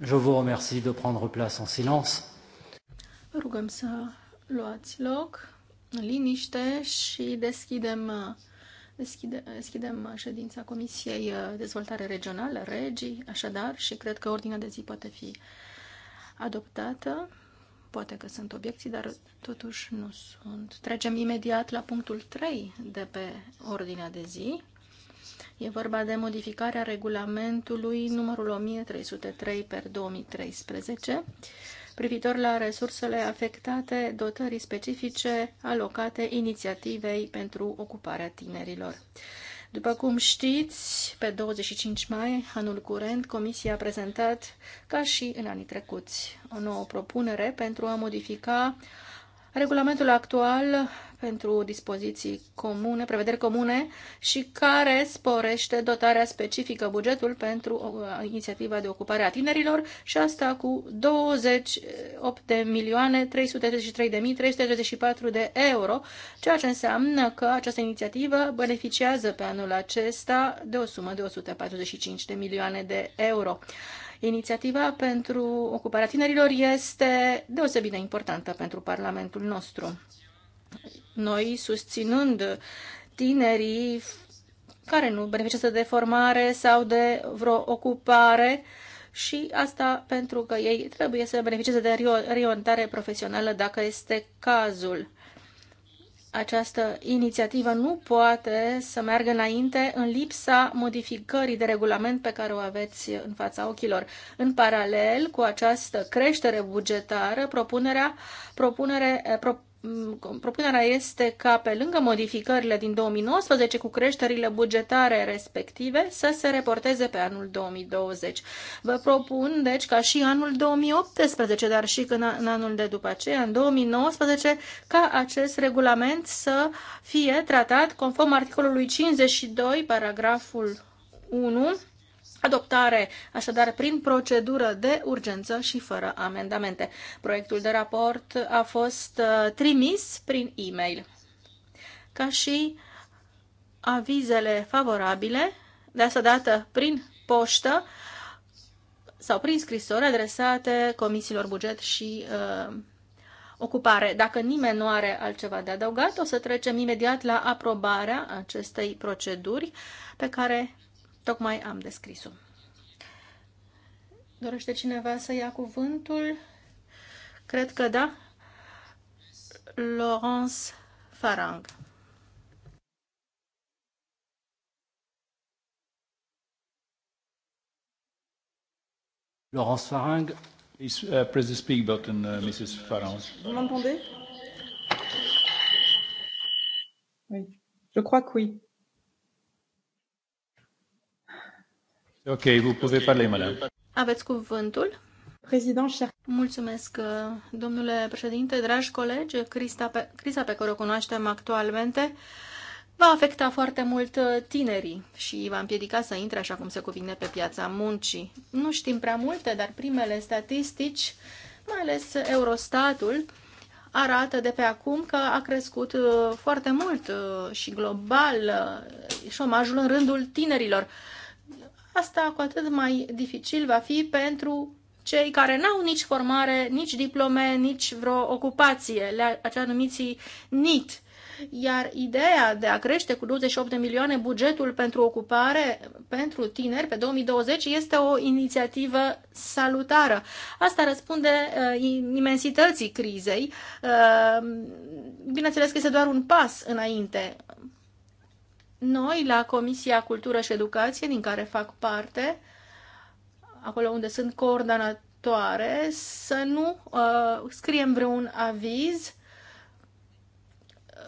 Je vous remercie de prendre place en silence. Rugăm să luați loc în liniște și deschidem, deschide, deschidem ședința Comisiei Dezvoltare Regională, Regii, așadar, și cred că ordinea de zi poate fi adoptată. Poate că sunt obiecții, dar totuși nu sunt. Trecem imediat la punctul 3 de pe ordinea de zi. E vorba de modificarea regulamentului numărul 1303 per 2013 privitor la resursele afectate dotării specifice alocate inițiativei pentru ocuparea tinerilor. După cum știți, pe 25 mai, anul curent, Comisia a prezentat, ca și în anii trecuți, o nouă propunere pentru a modifica regulamentul actual pentru dispoziții comune, prevederi comune și care sporește dotarea specifică bugetul pentru uh, inițiativa de ocupare a tinerilor și asta cu 28 milioane 333 de mii 334 de euro, ceea ce înseamnă că această inițiativă beneficiază pe anul acesta de o sumă de 145 de milioane de euro. Inițiativa pentru ocuparea tinerilor este deosebit de importantă pentru Parlamentul nostru. Noi, susținând tinerii care nu beneficiază de formare sau de vreo ocupare, și asta pentru că ei trebuie să beneficieze de reorientare profesională dacă este cazul. Această inițiativă nu poate să meargă înainte în lipsa modificării de regulament pe care o aveți în fața ochilor. În paralel cu această creștere bugetară, propunerea, propunere, eh, pro, Mm, propunerea este ca pe lângă modificările din 2019 cu creșterile bugetare respective să se reporteze pe anul 2020. Vă propun deci ca și anul 2018, dar și în anul de după aceea, în 2019, ca acest regulament să fie tratat conform articolului 52, paragraful 1 Adoptare, așadar, prin procedură de urgență și fără amendamente. Proiectul de raport a fost uh, trimis prin e-mail. Ca și avizele favorabile, de asta dată prin poștă sau prin scrisori adresate comisiilor buget și uh, ocupare. Dacă nimeni nu are altceva de adăugat, o să trecem imediat la aprobarea acestei proceduri pe care Tocmai am descris-o. Dorește cineva să ia cuvântul? Cred că da. Laurence Farang. Laurence Farang. Please, uh, press the speak button, uh, Mrs. Farang. Vous m'entendez? Oui. Je crois que oui. Ok, vous pouvez parler, madame. Aveți cuvântul? Prezident, cher... Mulțumesc, domnule președinte, dragi colegi, criza pe, criza pe care o cunoaștem actualmente va afecta foarte mult uh, tinerii și va împiedica să intre așa cum se cuvine pe piața muncii. Nu știm prea multe, dar primele statistici, mai ales Eurostatul, arată de pe acum că a crescut uh, foarte mult uh, și global șomajul în rândul tinerilor asta cu atât mai dificil va fi pentru cei care n-au nici formare, nici diplome, nici vreo ocupație, le acea numiții NIT. Iar ideea de a crește cu 28 de milioane bugetul pentru ocupare pentru tineri pe 2020 este o inițiativă salutară. Asta răspunde uh, imensității crizei. Uh, bineînțeles că este doar un pas înainte. Noi, la Comisia Cultură și Educație, din care fac parte, acolo unde sunt coordonatoare, să nu uh, scriem vreun aviz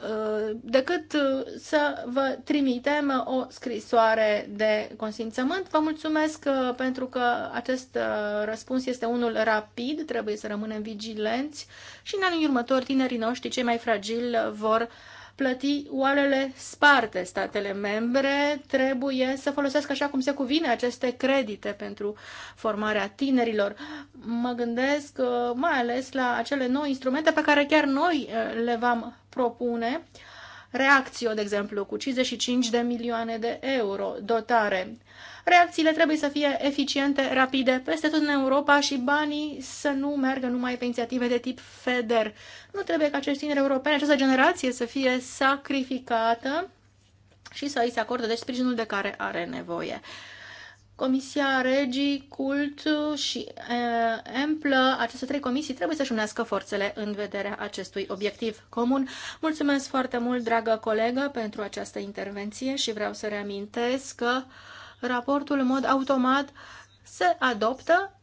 uh, decât uh, să vă trimitem o scrisoare de consimțământ. Vă mulțumesc uh, pentru că acest răspuns este unul rapid, trebuie să rămânem vigilenți și în anii următori tinerii noștri cei mai fragili vor uh, plăti oalele sparte. Statele membre trebuie să folosească așa cum se cuvine aceste credite pentru formarea tinerilor. Mă gândesc uh, mai ales la acele noi instrumente pe care chiar noi uh, le vom propune Reacțio, de exemplu, cu 55 de milioane de euro dotare. Reacțiile trebuie să fie eficiente, rapide, peste tot în Europa și banii să nu meargă numai pe inițiative de tip FEDER. Nu trebuie ca acești tineri europeni, această generație să fie sacrificată și să îi se acordă de deci, sprijinul de care are nevoie. Comisia Regii, Cult și uh, eh, Emplă, aceste trei comisii trebuie să-și unească forțele în vederea acestui obiectiv comun. Mulțumesc foarte mult, dragă colegă, pentru această intervenție și vreau să reamintesc că raportul în mod automat se adoptă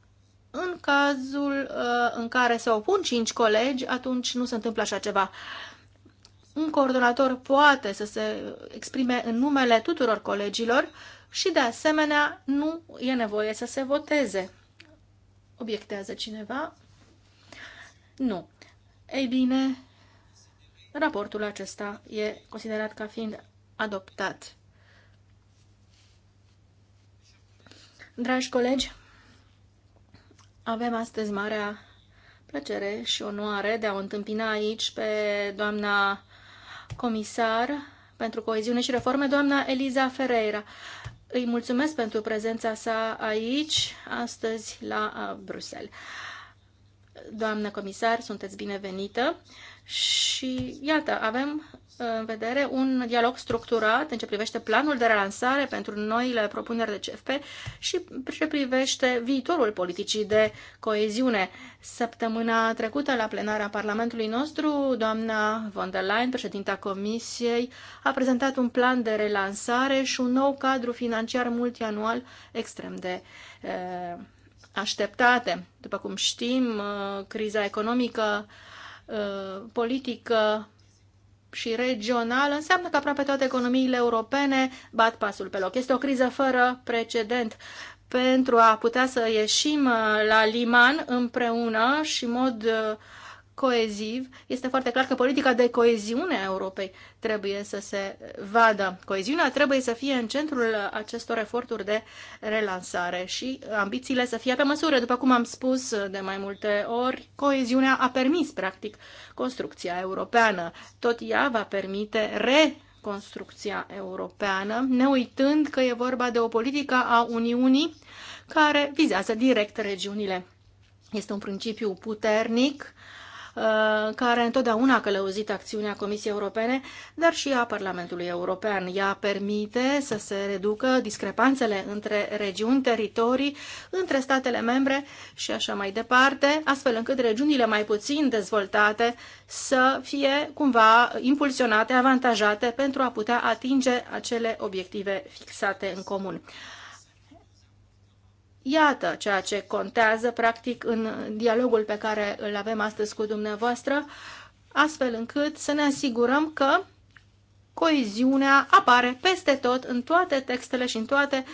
în cazul uh, în care se opun cinci colegi, atunci nu se întâmplă așa ceva. Un coordonator poate să se exprime în numele tuturor colegilor și de asemenea nu e nevoie să se voteze. Obiectează cineva? Nu. Ei bine, raportul acesta e considerat ca fiind adoptat. Dragi colegi, avem astăzi marea plăcere și onoare de a o întâmpina aici pe doamna comisar pentru coeziune și reforme, doamna Eliza Ferreira. Îi mulțumesc pentru prezența sa aici, astăzi, la Bruxelles. Doamnă comisar, sunteți binevenită și iată, avem în vedere un dialog structurat în ce privește planul de relansare pentru noile propuneri de CFP și ce privește viitorul politicii de coeziune. Săptămâna trecută, la plenarea Parlamentului nostru, doamna von der Leyen, președinta Comisiei, a prezentat un plan de relansare și un nou cadru financiar multianual extrem de e, eh, așteptate. După cum știm, eh, criza economică, eh, politică, și regional înseamnă că aproape toate economiile europene bat pasul pe loc. Este o criză fără precedent pentru a putea să ieșim uh, la liman împreună și în mod uh, coeziv, este foarte clar că politica de coeziune a Europei trebuie să se vadă. Coeziunea trebuie să fie în centrul acestor eforturi de relansare și ambițiile să fie pe măsură. După cum am spus de mai multe ori, coeziunea a permis, practic, construcția europeană. Tot ea va permite re construcția europeană, ne uitând că e vorba de o politică a Uniunii care vizează direct regiunile. Este un principiu puternic uh, Uh, care întotdeauna a călăuzit acțiunea Comisiei Europene, dar și a Parlamentului European. Ea permite să se reducă discrepanțele între regiuni, teritorii, între statele membre și așa mai departe, astfel încât regiunile mai puțin dezvoltate să fie cumva impulsionate, avantajate pentru a putea atinge acele obiective fixate în comun. Iată ceea ce contează, practic, în dialogul pe care îl avem astăzi cu dumneavoastră, astfel încât să ne asigurăm că coeziunea apare peste tot, în toate textele și în toate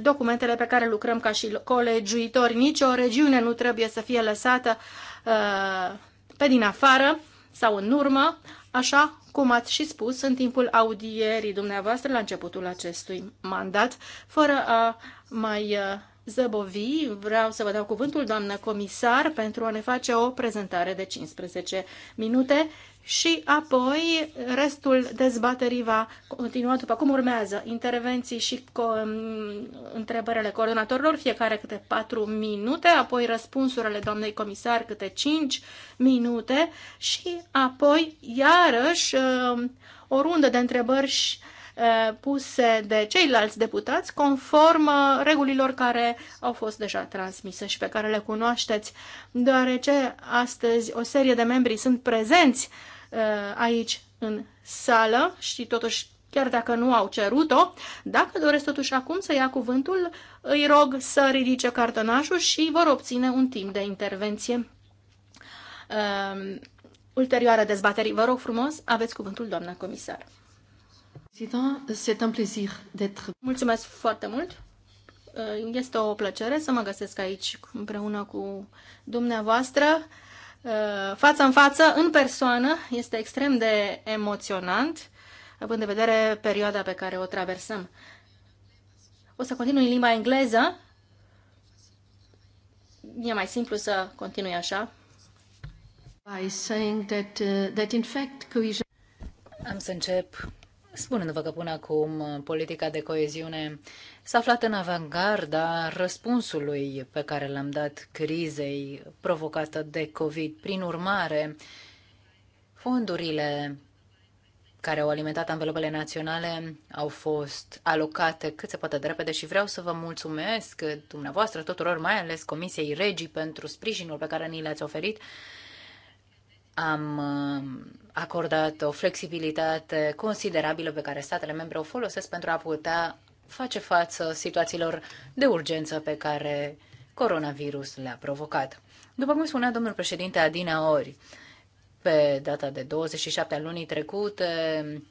documentele pe care lucrăm ca și colegiuitori. Nici o regiune nu trebuie să fie lăsată uh, pe din afară sau în urmă, așa cum ați și spus în timpul audierii dumneavoastră la începutul acestui mandat, fără a mai uh, zăbovi. Vreau să vă dau cuvântul, doamnă comisar, pentru a ne face o prezentare de 15 minute și apoi restul dezbaterii va continua după cum urmează intervenții și co- mm, întrebările coordonatorilor, fiecare câte 4 minute, apoi răspunsurile doamnei comisar câte 5 minute și apoi iarăși mm, o rundă de întrebări și Eh, puse de ceilalți deputați conform eh, regulilor care au fost deja transmise și pe care le cunoașteți, deoarece astăzi o serie de membri sunt prezenți eh, aici în sală și totuși chiar dacă nu au cerut-o, dacă doresc totuși acum să ia cuvântul, îi rog să ridice cartonașul și vor obține un timp de intervenție uh, ulterioară dezbaterii. Vă rog frumos, aveți cuvântul, doamna comisar un Mulțumesc foarte mult. Uh, este o plăcere să mă găsesc aici împreună cu dumneavoastră. Uh, față în față, în persoană, este extrem de emoționant, având în vedere perioada pe care o traversăm. O să continui în limba engleză. E mai simplu să continui așa. By saying that, uh, that in fact cohesion... Am să încep spunându-vă că până acum uh, politica de coeziune s-a aflat în avangarda răspunsului pe care l-am dat crizei provocată de COVID. Prin urmare, fondurile care au alimentat anvelopele naționale au fost alocate cât se poate de repede și vreau să vă mulțumesc dumneavoastră tuturor, mai ales Comisiei Regii pentru sprijinul pe care ni l-ați oferit am um, acordat o flexibilitate considerabilă pe care statele membre o folosesc pentru a putea face față situațiilor de urgență pe care coronavirus le-a provocat. După cum spunea domnul președinte Adina Ori, pe data de 27 a lunii trecute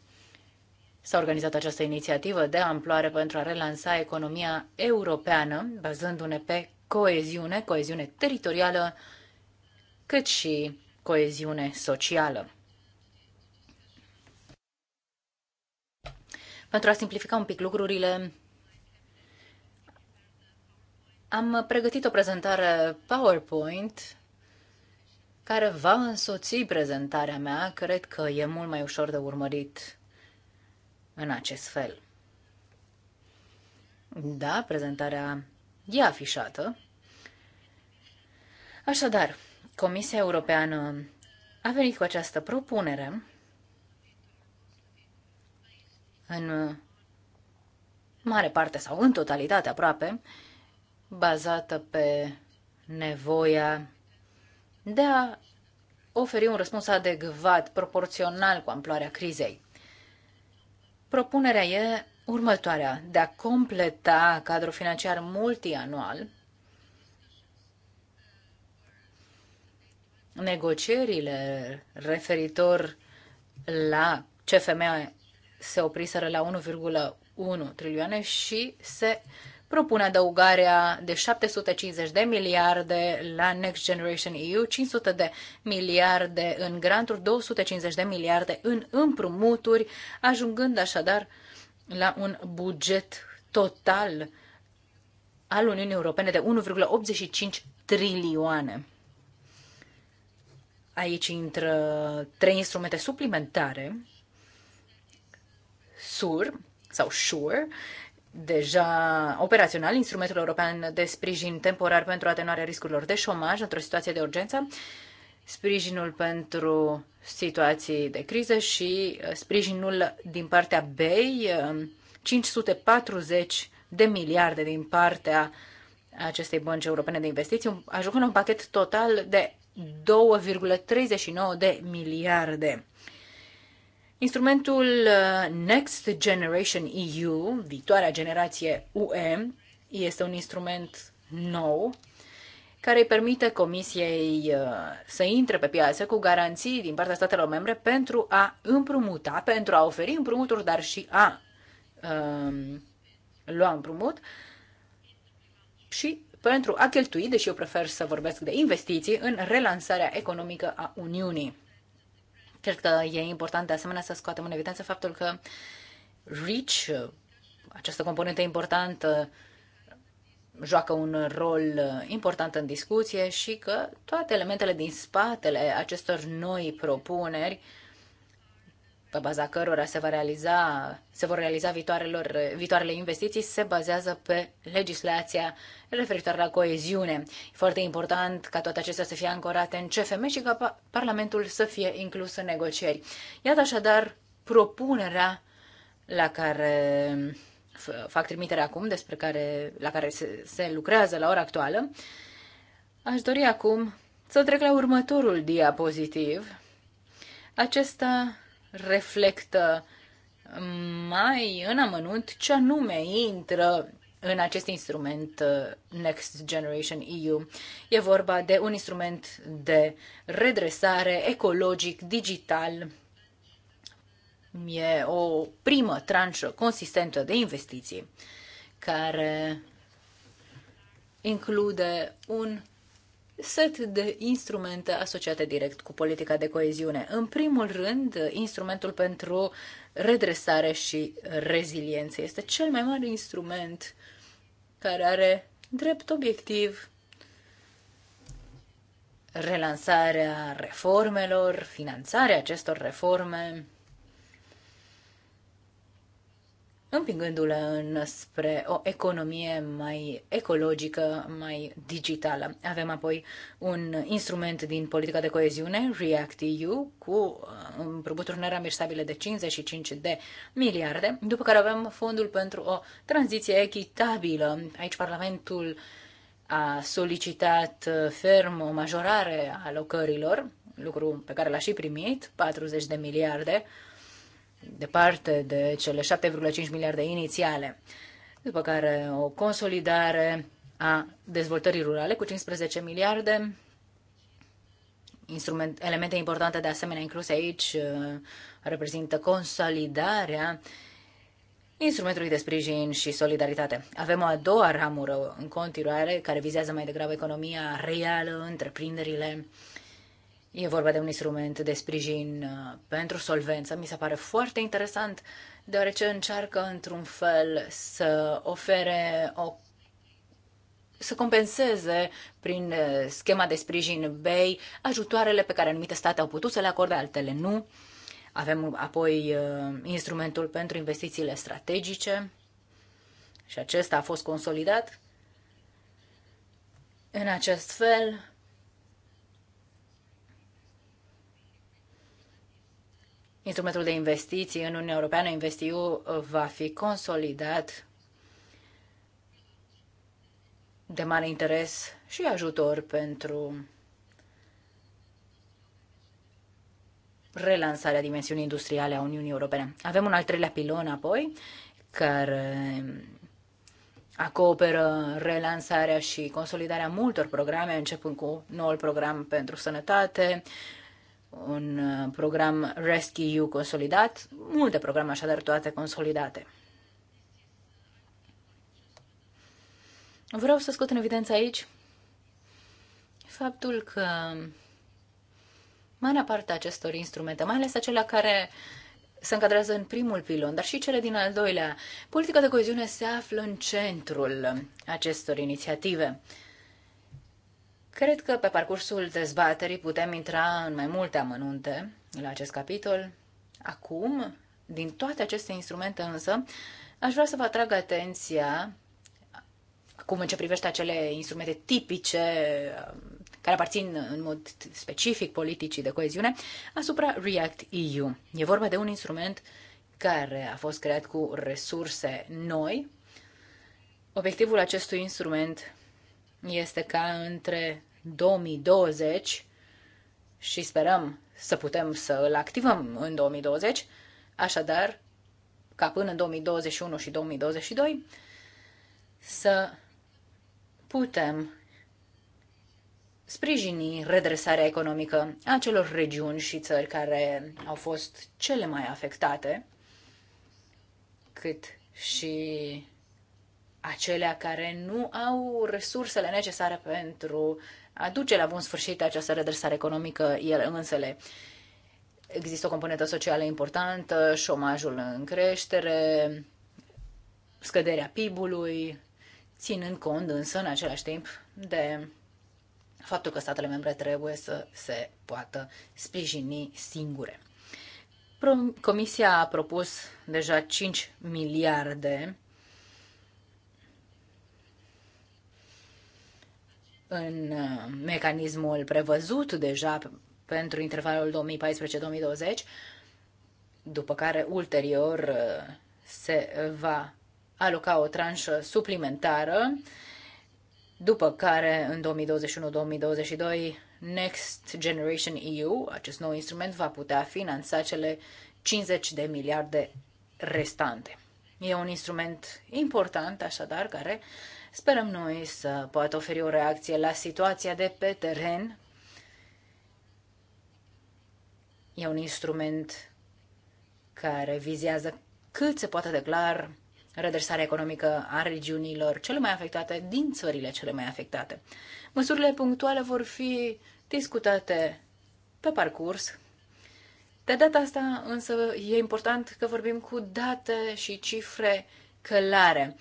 s-a organizat această inițiativă de amploare pentru a relansa economia europeană, bazându-ne pe coeziune, coeziune teritorială, cât și coeziune socială. Pentru a simplifica un pic lucrurile, am pregătit o prezentare PowerPoint care va însoți prezentarea mea. Cred că e mult mai ușor de urmărit în acest fel. Da, prezentarea e afișată. Așadar, Comisia Europeană a venit cu această propunere în mare parte sau în totalitate aproape, bazată pe nevoia de a oferi un răspuns adecvat, proporțional cu amploarea crizei. Propunerea e următoarea, de a completa cadrul financiar multianual negocierile referitor la CFM se opriseră la 1,1 trilioane și se propune adăugarea de 750 de miliarde la Next Generation EU, 500 de miliarde în granturi, 250 de miliarde în împrumuturi, ajungând așadar la un buget total al Uniunii Europene de 1,85 trilioane. Aici intră trei instrumente suplimentare, SUR sau SURE, deja operațional, instrumentul european de sprijin temporar pentru atenuarea riscurilor de șomaj într-o situație de urgență, sprijinul pentru situații de criză și uh, sprijinul din partea BEI, 540 uh, de miliarde din partea acestei bănci europene de investiții, ajungând un pachet total de 2,39 de miliarde. Instrumentul uh, Next Generation EU, viitoarea generație UE, este un instrument nou care îi permite Comisiei uh, să intre pe piață cu garanții din partea statelor membre pentru a împrumuta, pentru a oferi împrumuturi, dar și a um, lua împrumut și pentru a cheltui, deși eu prefer să vorbesc de investiții, în relansarea economică a Uniunii. Cred că e important de asemenea să scoatem în evidență faptul că REACH, această componentă importantă, joacă un rol important în discuție și că toate elementele din spatele acestor noi propuneri uh, pe baza cărora se, va realiza, se vor realiza viitoarelor, viitoarele investiții se bazează pe legislația referitoare la coeziune. E foarte important ca toate acestea să fie ancorate în CFM și ca Parlamentul să fie inclus în negocieri. Iată așadar propunerea la care fac trimitere acum, despre care, la care se, se lucrează la ora actuală. Aș dori acum să trec la următorul diapozitiv. Acesta reflectă mai în amănunt ce anume intră în acest instrument uh, Next Generation EU. E vorba de un instrument de redresare ecologic, digital. E o primă tranșă consistentă de investiții care include un set de instrumente asociate direct cu politica de coeziune. În primul rând, instrumentul pentru redresare și reziliență este cel mai mare instrument care are drept obiectiv relansarea reformelor, finanțarea acestor reforme, împingându-le înspre o economie mai ecologică, mai digitală. Avem apoi un instrument din politica de coeziune, REACT-EU, cu uh, împrumuturi neramisabile de 55 de miliarde, după care avem fondul pentru o tranziție echitabilă. Aici Parlamentul a solicitat uh, ferm o majorare a alocărilor, lucru pe care l-a și primit, 40 de miliarde, departe de cele 7,5 miliarde inițiale, după care o consolidare a dezvoltării rurale cu 15 miliarde, instrument, elemente importante de asemenea incluse aici uh, reprezintă consolidarea instrumentului de sprijin și solidaritate. Avem o a doua ramură în continuare care vizează mai degrabă economia reală, întreprinderile, E vorba de un instrument de sprijin uh, pentru solvență. Mi se pare foarte interesant, deoarece încearcă într-un fel să ofere o să compenseze prin uh, schema de sprijin BEI ajutoarele pe care anumite state au putut să le acorde, altele nu. Avem apoi uh, instrumentul pentru investițiile strategice și acesta a fost consolidat. În acest fel, Instrumentul de investiții în Uniunea Europeană, InvestEU, va fi consolidat de mare interes și ajutor pentru relansarea dimensiunii industriale a Uniunii Europene. Avem un al treilea pilon apoi, care acoperă relansarea și consolidarea multor programe, începând cu noul program pentru sănătate, un uh, program Rescue consolidat, multe programe așadar toate consolidate. Vreau să scot în evidență aici faptul că marea parte a acestor instrumente, mai ales acelea care se încadrează în primul pilon, dar și cele din al doilea, politica de coeziune se află în centrul acestor inițiative. Cred că pe parcursul dezbaterii putem intra în mai multe amănunte la acest capitol. Acum, din toate aceste instrumente însă, aș vrea să vă atrag atenția acum în ce privește acele instrumente tipice um, care aparțin în mod specific politicii de coeziune, asupra React-EU. E vorba de un instrument care a fost creat cu resurse noi. Obiectivul acestui instrument este ca între 2020 și sperăm să putem să îl activăm în 2020, așadar ca până în 2021 și 2022 să putem sprijini redresarea economică a celor regiuni și țări care au fost cele mai afectate, cât și acelea care nu au resursele necesare pentru a duce la bun sfârșit această redresare economică ele însele. Există o componentă socială importantă, șomajul în creștere, scăderea PIB-ului, ținând cont însă în același timp de faptul că statele membre trebuie să se poată sprijini singure. Comisia a propus deja 5 miliarde în uh, mecanismul prevăzut deja pentru intervalul 2014-2020, după care ulterior uh, se va aloca o tranșă suplimentară, după care în 2021-2022 Next Generation EU, acest nou instrument va putea finanța cele 50 de miliarde restante. E un instrument important, așadar, care sperăm noi să poată oferi o reacție la situația de pe teren. E un instrument care vizează cât se poate declar redresarea economică a regiunilor cele mai afectate din țările cele mai afectate. Măsurile punctuale vor fi discutate pe parcurs de data asta însă e important că vorbim cu date și cifre clare.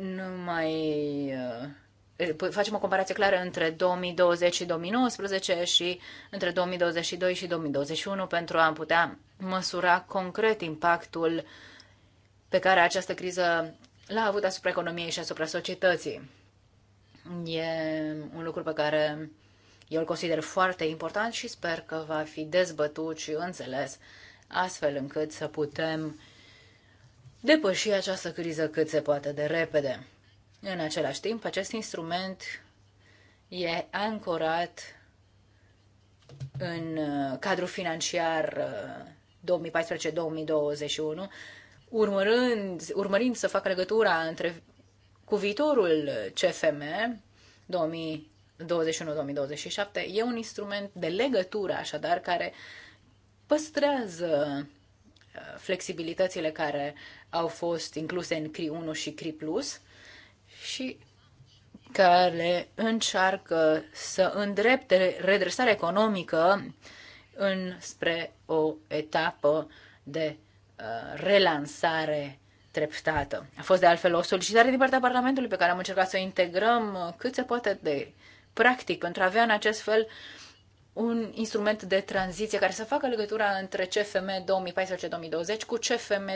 Nu mai uh, facem o comparație clară între 2020 și 2019 și între 2022 și 2021 pentru a putea măsura concret impactul pe care această criză l-a avut asupra economiei și asupra societății. E un lucru pe care eu îl consider foarte important și sper că va fi dezbătut și înțeles, astfel încât să putem depăși această criză cât se poate de repede. În același timp, acest instrument e ancorat în uh, cadrul financiar 2014-2021, uh, urmărând, urmărind să facă legătura între, cu viitorul CFM 2000 21-2027 e un instrument de legătură, așadar, care păstrează uh, flexibilitățile care au fost incluse în CRI 1 și CRI Plus și care încearcă să îndrepte redresarea economică înspre o etapă de uh, relansare treptată. A fost de altfel o solicitare din partea Parlamentului pe care am încercat să o integrăm cât se poate de practic, pentru a avea în acest fel un instrument de tranziție care să facă legătura între CFM 2014-2020 cu CFM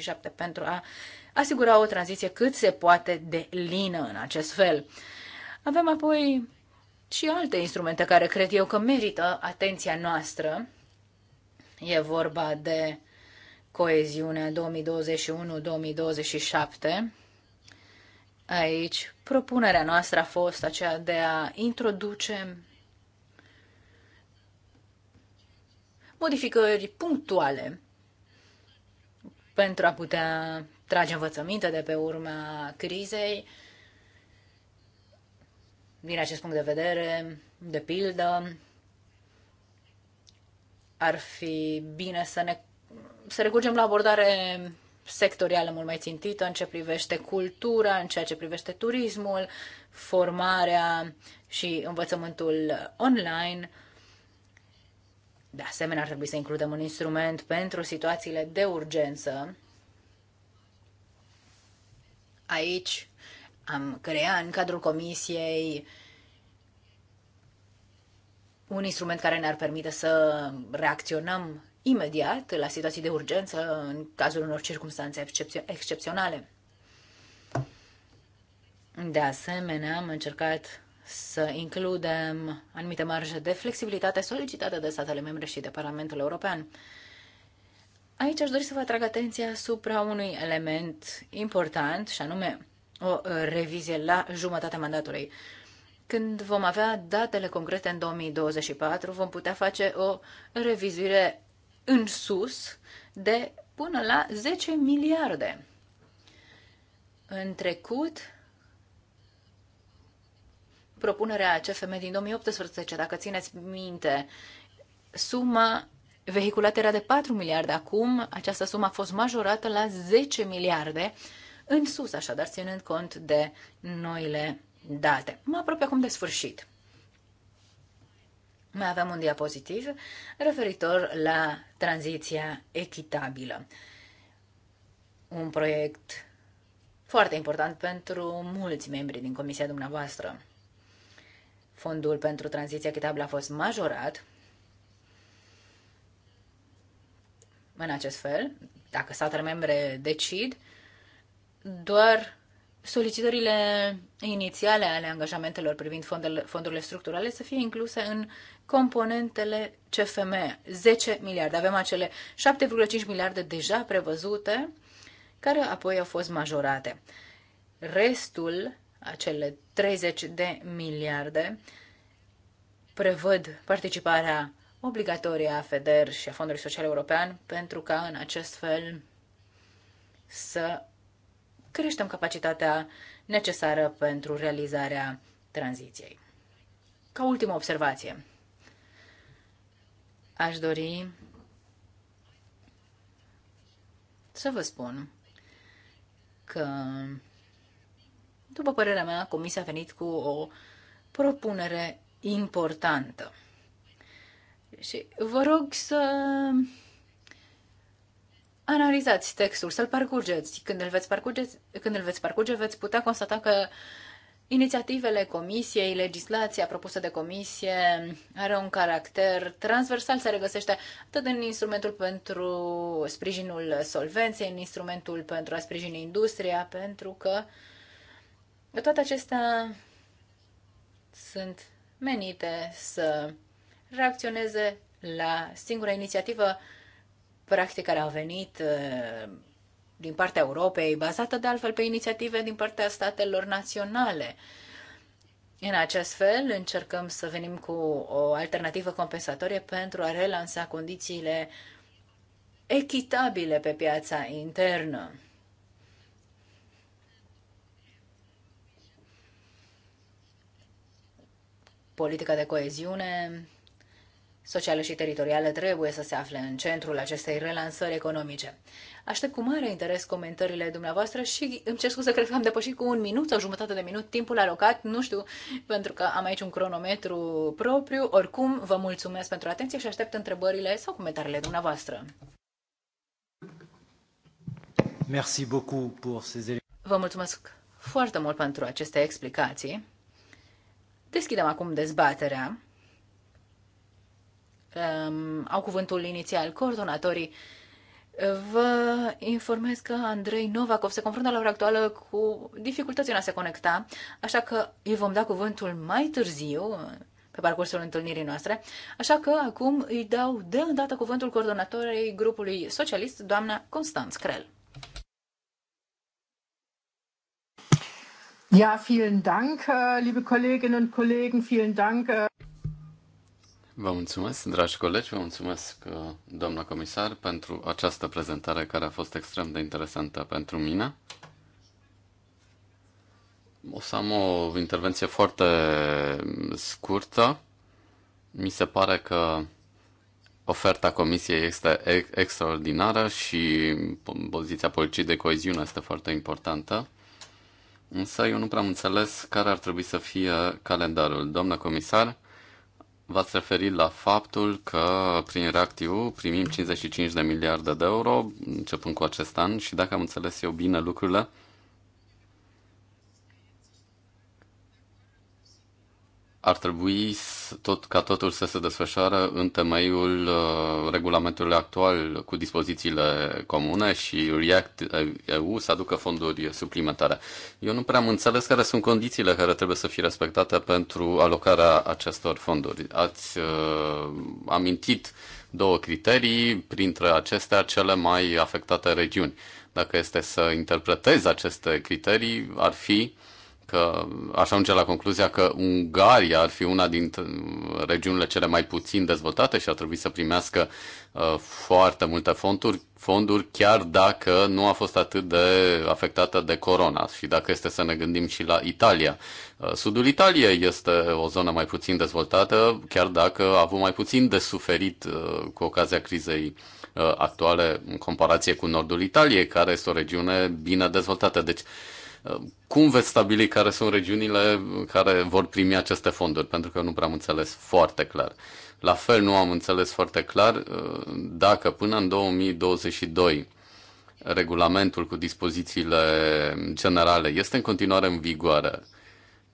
2021-2027 pentru a asigura o tranziție cât se poate de lină în acest fel. Avem apoi și alte instrumente care cred eu că merită atenția noastră. E vorba de coeziunea 2021-2027 aici. Propunerea noastră a fost aceea de a introduce modificări punctuale pentru a putea trage învățăminte de pe urma crizei. Din acest punct de vedere, de pildă, ar fi bine să ne să recurgem la abordare sectorială mult mai țintită în ce privește cultura, în ceea ce privește turismul, formarea și învățământul online. De asemenea, ar trebui să includem un instrument pentru situațiile de urgență. Aici am creat în cadrul comisiei un instrument care ne-ar permite să reacționăm imediat la situații de urgență în cazul unor circunstanțe excepționale. De asemenea, am încercat să includem anumite marje de flexibilitate solicitate de statele membre și de Parlamentul European. Aici aș dori să vă atrag atenția asupra unui element important, și anume o revizie la jumătatea mandatului. Când vom avea datele concrete în 2024, vom putea face o revizuire în sus de până la 10 miliarde. În trecut, propunerea CFM din 2018, dacă țineți minte, suma vehiculată era de 4 miliarde. Acum această sumă a fost majorată la 10 miliarde în sus, așadar, ținând cont de noile date. Mă apropie acum de sfârșit mai aveam un diapozitiv referitor la tranziția echitabilă. Un proiect foarte important pentru mulți membri din comisia dumneavoastră. Fondul pentru tranziția echitabilă a fost majorat. În acest fel, dacă statele membre decid, doar solicitările inițiale ale angajamentelor privind fondurile structurale să fie incluse în componentele CFM, 10 miliarde. Avem acele 7,5 miliarde deja prevăzute, care apoi au fost majorate. Restul, acele 30 de miliarde, prevăd participarea obligatorie a FEDER și a Fondului Social European pentru ca în acest fel să creștem capacitatea necesară pentru realizarea tranziției. Ca ultimă observație, aș dori să vă spun că, după părerea mea, Comisia a venit cu o propunere importantă. Și vă rog să analizați textul, să-l parcurgeți. Când îl veți parcurge, când îl veți, parcurge veți putea constata că inițiativele comisiei, legislația propusă de comisie are un caracter transversal, se regăsește atât în instrumentul pentru sprijinul solvenței, în instrumentul pentru a sprijini industria, pentru că toate acestea sunt menite să reacționeze la singura inițiativă practic care a venit uh, din partea Europei, bazată de altfel pe inițiative din partea statelor naționale. În acest fel, încercăm să venim cu o alternativă compensatorie pentru a relansa condițiile echitabile pe piața internă. Politica de coeziune socială și teritorială trebuie să se afle în centrul acestei relansări economice. Aștept cu mare interes comentariile dumneavoastră și îmi cer scuze, cred că am depășit cu un minut sau jumătate de minut timpul alocat, nu știu, pentru că am aici un cronometru propriu. Oricum, vă mulțumesc pentru atenție și aștept întrebările sau comentariile dumneavoastră. Merci beaucoup pour ces Vă mulțumesc foarte mult pentru aceste explicații. Deschidem acum dezbaterea um, au cuvântul inițial coordonatorii. Vă informez că Andrei Novakov se confruntă la ora actuală cu dificultăți în a se conecta, așa că îi vom da cuvântul mai târziu, pe parcursul întâlnirii noastre, așa că acum îi dau de îndată cuvântul coordonatorii grupului socialist, doamna Constanț Crel. Ja, vielen Dank, äh, liebe Kolleginnen und Kollegen, vielen Dank. Äh, Vă mulțumesc, dragi colegi, vă mulțumesc, uh, doamna comisar, pentru această prezentare care a fost extrem de interesantă pentru mine. O să am o intervenție foarte scurtă. Mi se pare că oferta comisiei este extraordinară și poziția politicii de coeziune este foarte importantă. Însă eu nu prea am înțeles care ar trebui să fie calendarul. Doamna comisar, V-ați referit la faptul că prin Reactiu primim 55 de miliarde de euro începând cu acest an și dacă am înțeles eu bine lucrurile, ar trebui tot, ca totul să se desfășoare în temeiul uh, regulamentului actual cu dispozițiile comune și React uh, EU să aducă fonduri suplimentare. Eu nu prea am înțeles care sunt condițiile care trebuie să fie respectate pentru alocarea acestor fonduri. Ați uh, amintit două criterii, printre acestea cele mai afectate regiuni. Dacă este să interpretezi aceste criterii, ar fi uh, că aș ajunge la concluzia că Ungaria ar fi una din regiunile cele mai puțin dezvoltate și ar trebui să primească uh, foarte multe fonduri, fonduri, chiar dacă nu a fost atât de afectată de corona. Și dacă este să ne gândim și la Italia. Uh, sudul Italiei este o zonă mai puțin dezvoltată, chiar dacă a avut mai puțin de suferit uh, cu ocazia crizei uh, actuale în comparație cu nordul Italiei, care este o regiune bine dezvoltată. Deci, uh, Ehm, cum veți stabili care sunt regiunile care vor primi aceste fonduri? Pentru că eu nu prea am înțeles foarte clar. La fel nu am înțeles foarte clar ehm, dacă până în 2022 regulamentul cu dispozițiile generale este în continuare în vigoare.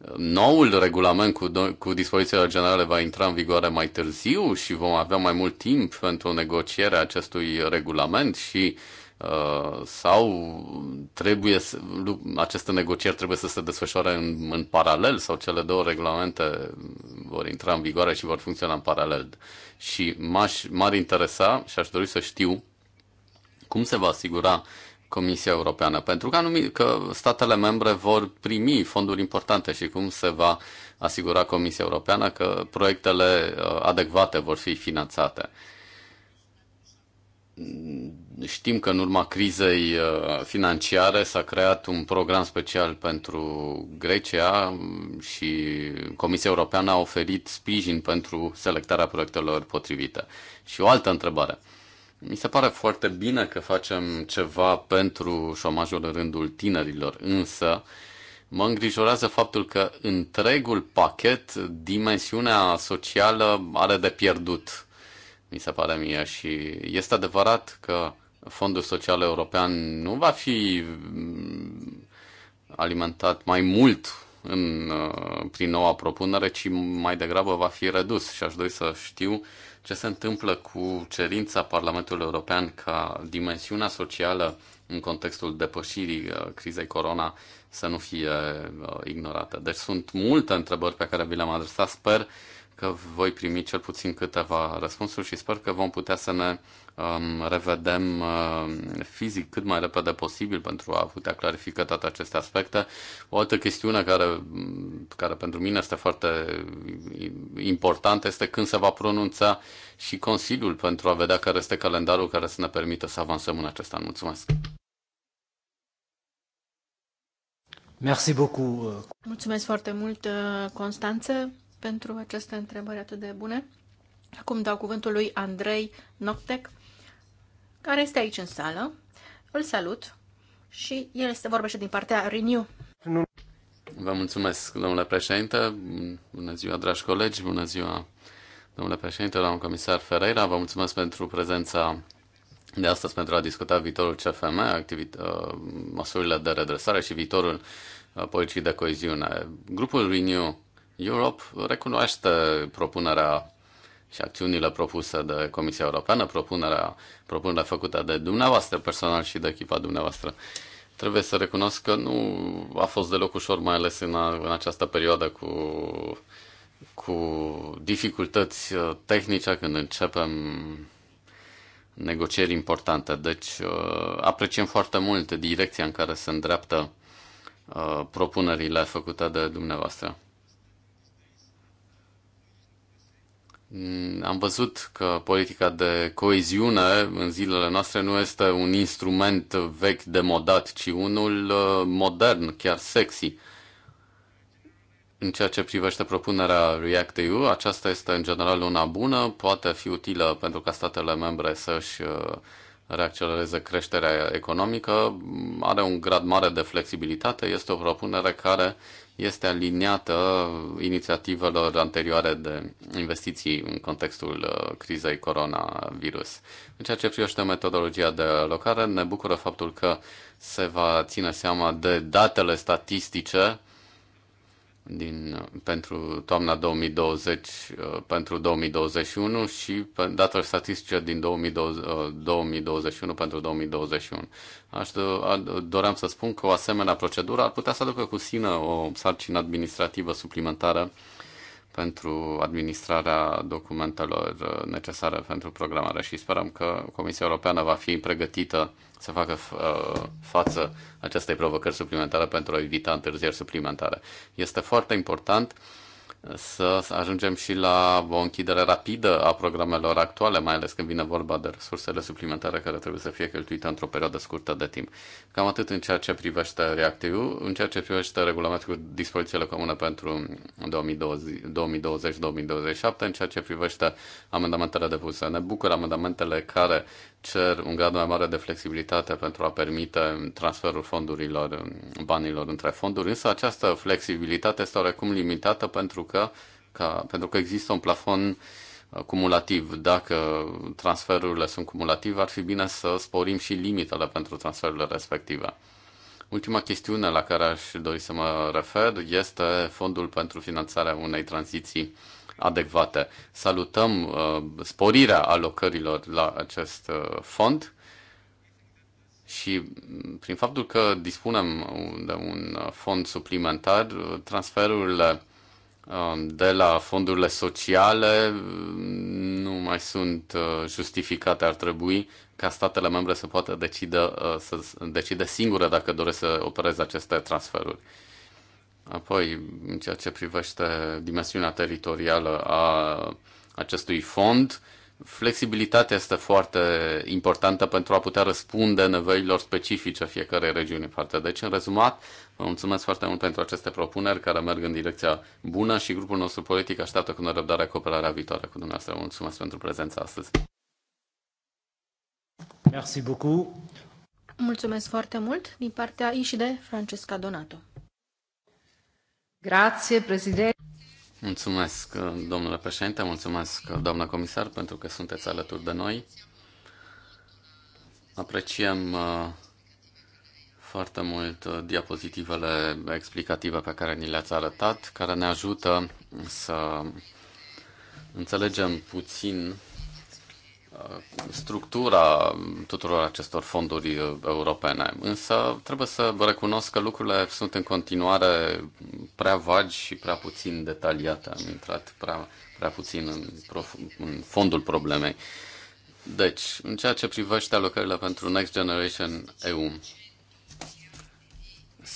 Ehm, noul regulament cu, cu dispozițiile generale va intra în vigoare mai târziu și vom avea mai mult timp pentru negocierea acestui regulament și uh, Uh, sau trebuie să, aceste negocieri trebuie să se desfășoare în, în paralel sau cele două regulamente vor intra în vigoare și vor funcționa în paralel. Și m-aș, m-ar interesa și aș dori să știu cum se va asigura Comisia Europeană, pentru că, anumit, că statele membre vor primi fonduri importante și cum se va asigura Comisia Europeană că proiectele uh, adecvate vor fi finanțate Știm că în urma crizei uh, financiare s-a creat un program special pentru Grecia și Comisia Europeană a oferit sprijin pentru selectarea proiectelor potrivite. Și o altă întrebare. Mi se pare foarte bine că facem ceva pentru șomajul în rândul tinerilor, însă mă îngrijorează faptul că întregul pachet, dimensiunea socială, are de pierdut mi se pare mie și este adevărat că Fondul Social European nu va fi mm, alimentat mai mult în, uh, prin noua propunere, ci mai degrabă va fi redus și aș dori să știu ce se întâmplă cu cerința Parlamentului European ca dimensiunea socială în contextul depășirii uh, crizei corona să nu fie uh, ignorată. Deci sunt multe întrebări pe care vi le-am adresat. Sper că voi primi cel puțin câteva răspunsuri și sper că vom putea să ne um, revedem um, fizic cât mai repede posibil pentru a putea clarifica toate aceste aspecte. O altă chestiune care, care pentru mine este foarte importantă este când se va pronunța și Consiliul pentru a vedea care este calendarul care să ne permită să avansăm în acest an. Mulțumesc! Merci beaucoup. Mulțumesc foarte mult, uh, Constanță pentru aceste întrebări atât de bune. Acum dau cuvântul lui Andrei Noctec, care este aici în sală. Îl salut și el este vorbește din partea Renew. Vă mulțumesc, domnule președinte. Bună ziua, dragi colegi. Bună ziua, domnule președinte, domnul comisar Ferreira. Vă mulțumesc pentru prezența de astăzi pentru a discuta viitorul CFM, activit- uh, măsurile de redresare și viitorul uh, politicii de coeziune. Grupul Renew Europe recunoaște propunerea și acțiunile propuse de Comisia Europeană, propunerea, propunerea făcută de dumneavoastră personal și de echipa dumneavoastră. Trebuie să recunosc că nu a fost deloc ușor, mai ales în, a, în această perioadă cu, cu dificultăți uh, tehnice când începem negocieri importante. Deci uh, apreciem foarte mult direcția în care se îndreaptă uh, propunerile făcute de dumneavoastră. Mm, am văzut că politica de coeziune în zilele noastre nu este un instrument vechi modat ci unul uh, modern, chiar sexy. În ceea ce privește propunerea React-EU, aceasta este în general una bună, poate fi utilă pentru ca statele membre să-și uh, reaccelereze creșterea economică, are un grad mare de flexibilitate, este o propunere care este aliniată inițiativelor anterioare de investiții în contextul uh, crizei coronavirus. În ceea ce privește metodologia de locare. ne bucură faptul că se va ține seama de datele statistice din, pentru toamna 2020, uh, pentru 2021 și datele statistice din 2020, 2021 uh, pentru 2021. Aș, doream să spun că o asemenea procedură ar putea să aducă cu sine o sarcină administrativă suplimentară pentru administrarea documentelor uh, necesare pentru programare și sperăm că Comisia Europeană va fi pregătită să facă uh, față acestei provocări suplimentare pentru a evita întârzieri suplimentare. Este foarte important uh, să ajungem și la o închidere rapidă a programelor actuale, mai ales când vine vorba de resursele suplimentare care trebuie să fie cheltuite într-o perioadă scurtă de timp. Cam atât în ceea ce privește reactiv, în ceea ce privește regulamentul cu dispozițiile comune pentru 2020-2027, în ceea ce privește amendamentele depuse. Ne bucur amendamentele care cer un grad mai mare de flexibilitate pentru a permite transferul fondurilor, banilor între fonduri, însă această flexibilitate este oarecum limitată pentru că, ca, pentru că există un plafon uh, cumulativ. Dacă transferurile sunt cumulative, ar fi bine să sporim și limitele pentru transferurile respective. Ultima chestiune la care aș dori să mă refer este fondul pentru finanțarea unei tranziții adecvate. Salutăm uh, sporirea alocărilor la acest uh, fond și mm, prin faptul că dispunem de un fond suplimentar, transferurile um, de la fondurile sociale mm, nu mai sunt uh, justificate. Ar trebui ca statele membre să poată decide, uh, să decide singure dacă doresc să opereze aceste transferuri. Apoi, în ceea ce privește dimensiunea teritorială a acestui fond, flexibilitatea este foarte importantă pentru a putea răspunde nevoilor specifice fiecarei regiuni în parte. Deci, în rezumat, vă mulțumesc foarte mult pentru aceste propuneri care merg în direcția bună și grupul nostru politic așteaptă cu nerăbdare cooperarea viitoare cu dumneavoastră. Vă mulțumesc pentru prezența astăzi. Merci beaucoup. Mulțumesc foarte mult din partea ISD Francesca Donato. Mulțumesc, domnule președinte, mulțumesc, doamna comisar, pentru că sunteți alături de noi. Apreciem uh, foarte mult uh, diapozitivele explicative pe care ni le-ați arătat, care ne ajută să înțelegem puțin structura tuturor acestor fonduri uh, europene. Însă trebuie să recunosc că lucrurile sunt în continuare prea vagi și prea puțin detaliate. Am intrat prea, prea puțin în, prof- în fondul problemei. Deci, în ceea ce privește alocările pentru Next Generation EU,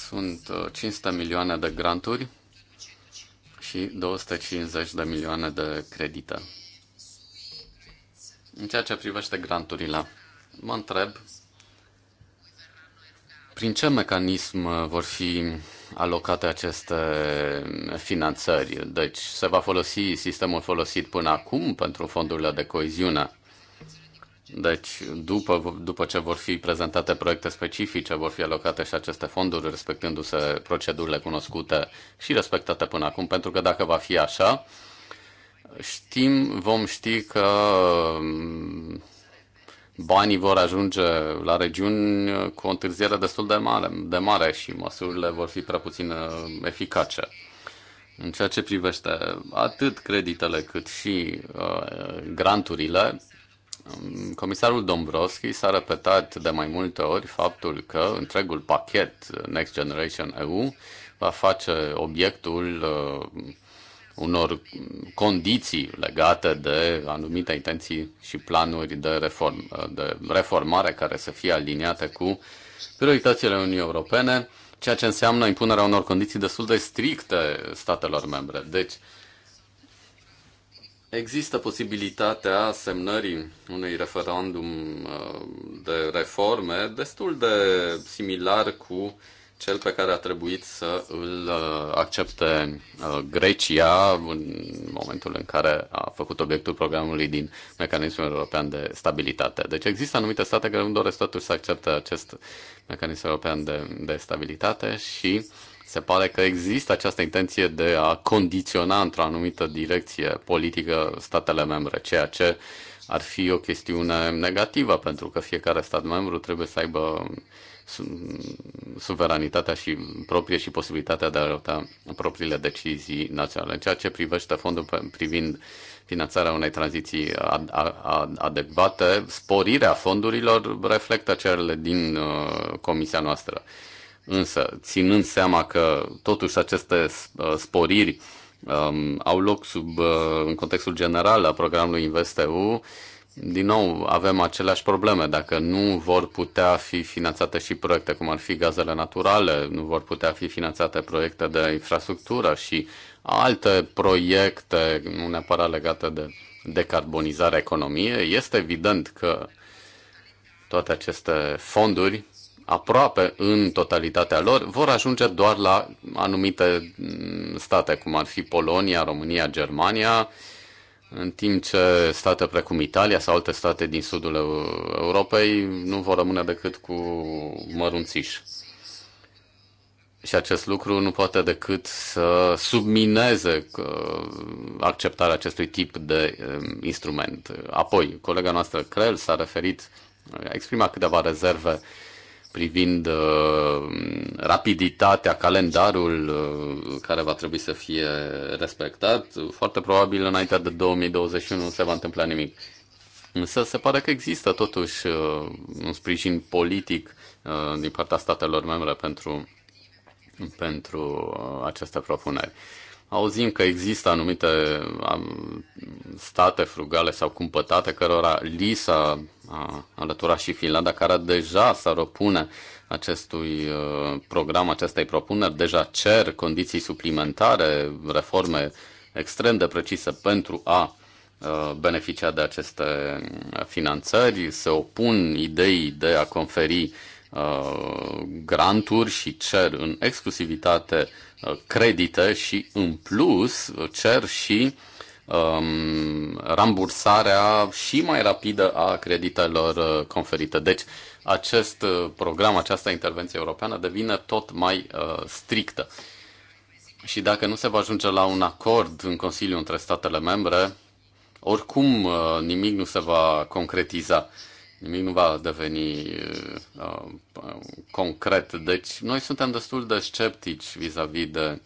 sunt 500 uh, milioane de granturi și 250 de milioane de credite. În ceea ce privește granturile, mă întreb prin ce mecanism vor fi alocate aceste finanțări? Deci se va folosi sistemul folosit până acum pentru fondurile de coeziune? Deci, după, după ce vor fi prezentate proiecte specifice, vor fi alocate și aceste fonduri, respectându-se procedurile cunoscute și respectate până acum, pentru că dacă va fi așa, știm, vom ști că mm, banii vor ajunge la regiuni cu o întârziere destul de mare, de mare și măsurile vor fi prea puțin uh, eficace. În ceea ce privește atât creditele cât și uh, granturile, mm, comisarul Dombrovski s-a repetat de mai multe ori faptul că întregul pachet Next Generation EU va face obiectul uh, unor condiții legate de anumite intenții și planuri de, reform, de reformare care să fie aliniate cu prioritățile Uniunii Europene, ceea ce înseamnă impunerea unor condiții destul de stricte statelor membre. Deci, Există posibilitatea semnării unui referendum uh, de reforme destul de similar cu cel pe care a trebuit să îl uh, accepte uh, Grecia în momentul în care a făcut obiectul programului din Mecanismul European de Stabilitate. Deci există anumite state care nu doresc totuși să accepte acest Mecanism European de, de Stabilitate și se pare că există această intenție de a condiționa într-o anumită direcție politică statele membre, ceea ce ar fi o chestiune negativă, pentru că fiecare stat membru trebuie să aibă suveranitatea și proprie și posibilitatea de a adopta propriile decizii naționale. În ceea ce privește fondul privind finanțarea unei tranziții adecvate, sporirea fondurilor reflectă cererile din uh, comisia noastră. Însă, ținând seama că totuși aceste uh, sporiri um, au loc sub, uh, în contextul general al programului InvestEU, din nou avem aceleași probleme. Dacă nu vor putea fi finanțate și proiecte cum ar fi gazele naturale, nu vor putea fi finanțate proiecte de infrastructură și alte proiecte, nu neapărat legate de decarbonizarea economiei, este evident că toate aceste fonduri aproape în totalitatea lor, vor ajunge doar la anumite state, cum ar fi Polonia, România, Germania, în timp ce state precum Italia sau alte state din sudul Europei nu vor rămâne decât cu mărunțiși. Și acest lucru nu poate decât să submineze acceptarea acestui tip de um, instrument. Apoi, colega noastră Crel s-a referit, a exprimat câteva rezerve privind uh, rapiditatea, calendarul uh, care va trebui să fie respectat, foarte probabil înainte de 2021 nu se va întâmpla nimic. Însă se pare că există totuși uh, un sprijin politic uh, din partea statelor membre pentru, pentru aceste propuneri. Auzim că există anumite state frugale sau cumpătate cărora li s-a alăturat și Finlanda, care deja s-ar opune uh, acestui uh, program, acestei propuneri. Deja cer condiții suplimentare, reforme extrem de precise pentru a uh, beneficia de aceste finanțări, se opun idei de a conferi uh, granturi și cer în exclusivitate credite și în plus cer și um, rambursarea și mai rapidă a creditelor conferite. Deci acest uh, program, această intervenție europeană devine tot mai uh, strictă. Și dacă nu se va ajunge la un acord în Consiliu între statele membre, oricum uh, nimic nu se va concretiza, nimic nu va deveni uh, concret. Deci noi suntem destul de sceptici vis-a-vis -vis de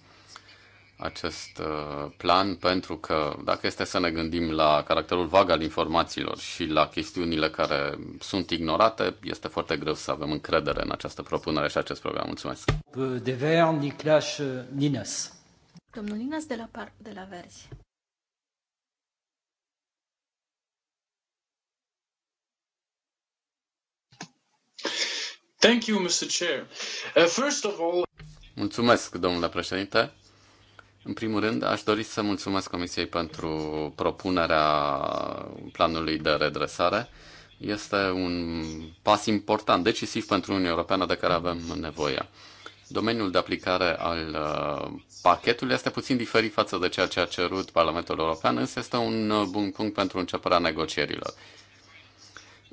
acest uh, plan pentru că dacă este să ne gândim la caracterul vag al informațiilor și la chestiunile care sunt ignorate, este foarte greu să avem încredere în această propunere și acest program. Mulțumesc. De ver, Niclaș Ninas. Domnul Ninas de la, Par- de la Verzi. Thank you, Mr. Chair. Uh, first of all... Mulțumesc, domnule președinte. În primul rând, aș dori să mulțumesc Comisiei pentru propunerea planului de redresare. Este un pas important, decisiv pentru Uniunea Europeană de care avem nevoie. Domeniul de aplicare al uh, pachetului este puțin diferit față de ceea ce a cerut Parlamentul European, însă este un uh, bun punct pentru începerea negocierilor.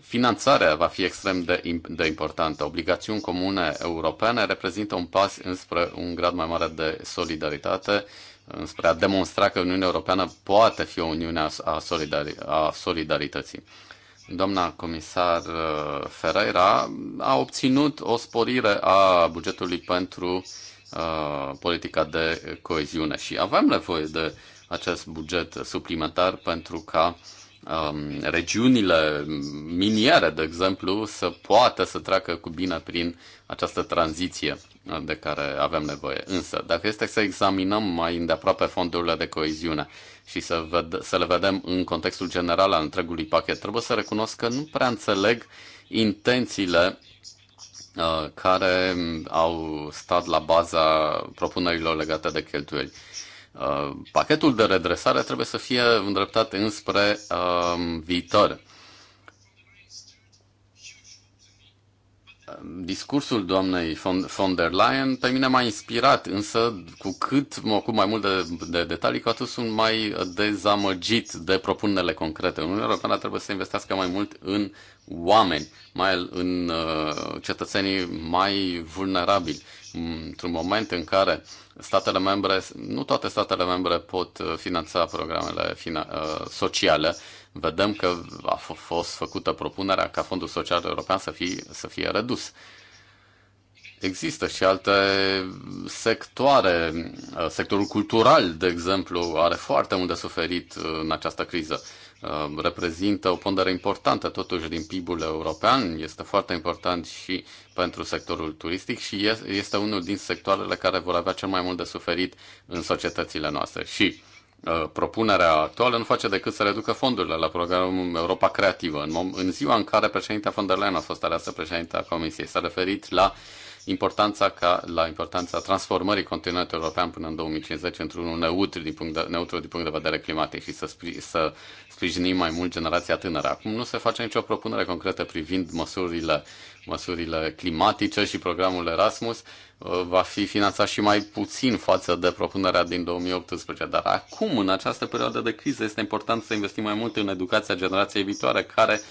Finanțarea va fi extrem de, de importantă. Obligațiuni comune europene reprezintă un pas înspre un grad mai mare de solidaritate, înspre a demonstra că Uniunea Europeană poate fi o Uniune a, solidari- a solidarității. Doamna comisar uh, Ferreira a obținut o sporire a bugetului pentru uh, politica de coeziune și avem nevoie de acest buget suplimentar pentru ca uh, Um, regiunile miniere, de exemplu, să poată să treacă cu bine prin această tranziție uh, de care avem nevoie. Însă, dacă este să examinăm mai îndeaproape fondurile de coeziune și să, ved- să le vedem în contextul general al întregului pachet, trebuie să recunosc că nu prea înțeleg intențiile uh, care au stat la baza propunerilor legate de cheltuieli. Uh, pachetul de redresare trebuie să fie îndreptat înspre uh, viitor. discursul doamnei von, der Leyen pe mine m-a inspirat, însă cu cât mă ocup mai mult de, de detalii, cu atât sunt mai dezamăgit de propunerile concrete. Uniunea Europeană trebuie să investească mai mult în oameni, mai în uh, cetățenii mai vulnerabili. Într-un moment în care statele membre, nu toate statele membre pot uh, finanța programele fina- uh, sociale. Vedem că a fost făcută propunerea ca Fondul Social European să fie, să fie redus. Există și alte sectoare, uh, sectorul cultural, de exemplu, are foarte mult de suferit uh, în această criză. Uh, reprezintă o pondere importantă totuși din PIB-ul european, este foarte important și pentru sectorul turistic și este unul din sectoarele care vor avea cel mai mult de suferit în societățile noastre. Și propunerea actuală nu face decât să reducă fondurile la programul Europa Creativă. În, ziua în care președintea von der Leyen a fost aleasă președintea Comisiei, s-a referit la uh, importanța, ca, la importanța transformării continentului european până în 2050 într-unul neutru din punct de, neutru din punct de vedere climatic și să, spri, să sprijinim mai mult generația tânără. Acum nu se face nicio propunere concretă privind măsurile, măsurile climatice și programul Erasmus uh, va fi finanțat și mai puțin față de propunerea din 2018. Dar acum, în această perioadă de criză, este important să investim mai mult în educația generației viitoare, care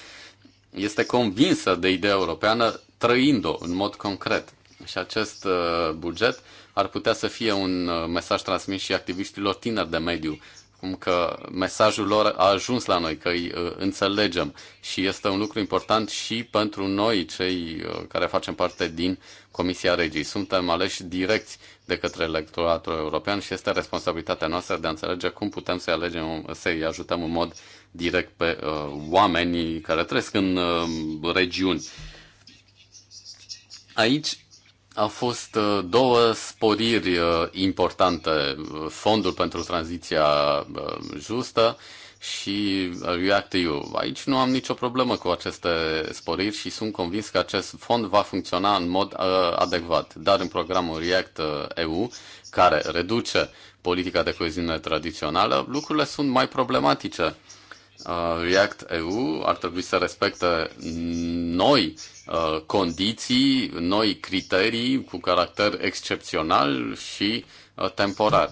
este convinsă de ideea europeană, trăind-o în mod concret. Și acest uh, buget ar putea să fie un uh, mesaj transmis și activiștilor tineri de mediu, cum că mesajul lor a ajuns la noi, că îi uh, înțelegem și este un lucru important și pentru noi, cei care facem parte din Comisia Regii. Suntem aleși direcți de către electoratul european și este responsabilitatea noastră de a înțelege cum putem să-i, alegem, să-i ajutăm în mod direct pe uh, oamenii care trăiesc în uh, regiuni. Aici au fost uh, două sporiri uh, importante, uh, Fondul pentru Tranziția Justă și REACT-EU. Aici nu am nicio problemă cu aceste sporiri și sunt convins că acest fond va funcționa în mod adecvat. Dar în programul REACT-EU, care reduce politica de coeziune tradițională, lucrurile sunt mai problematice Uh, React EU ar trebui să respecte noi uh, condiții, noi criterii cu caracter excepțional și uh, temporar.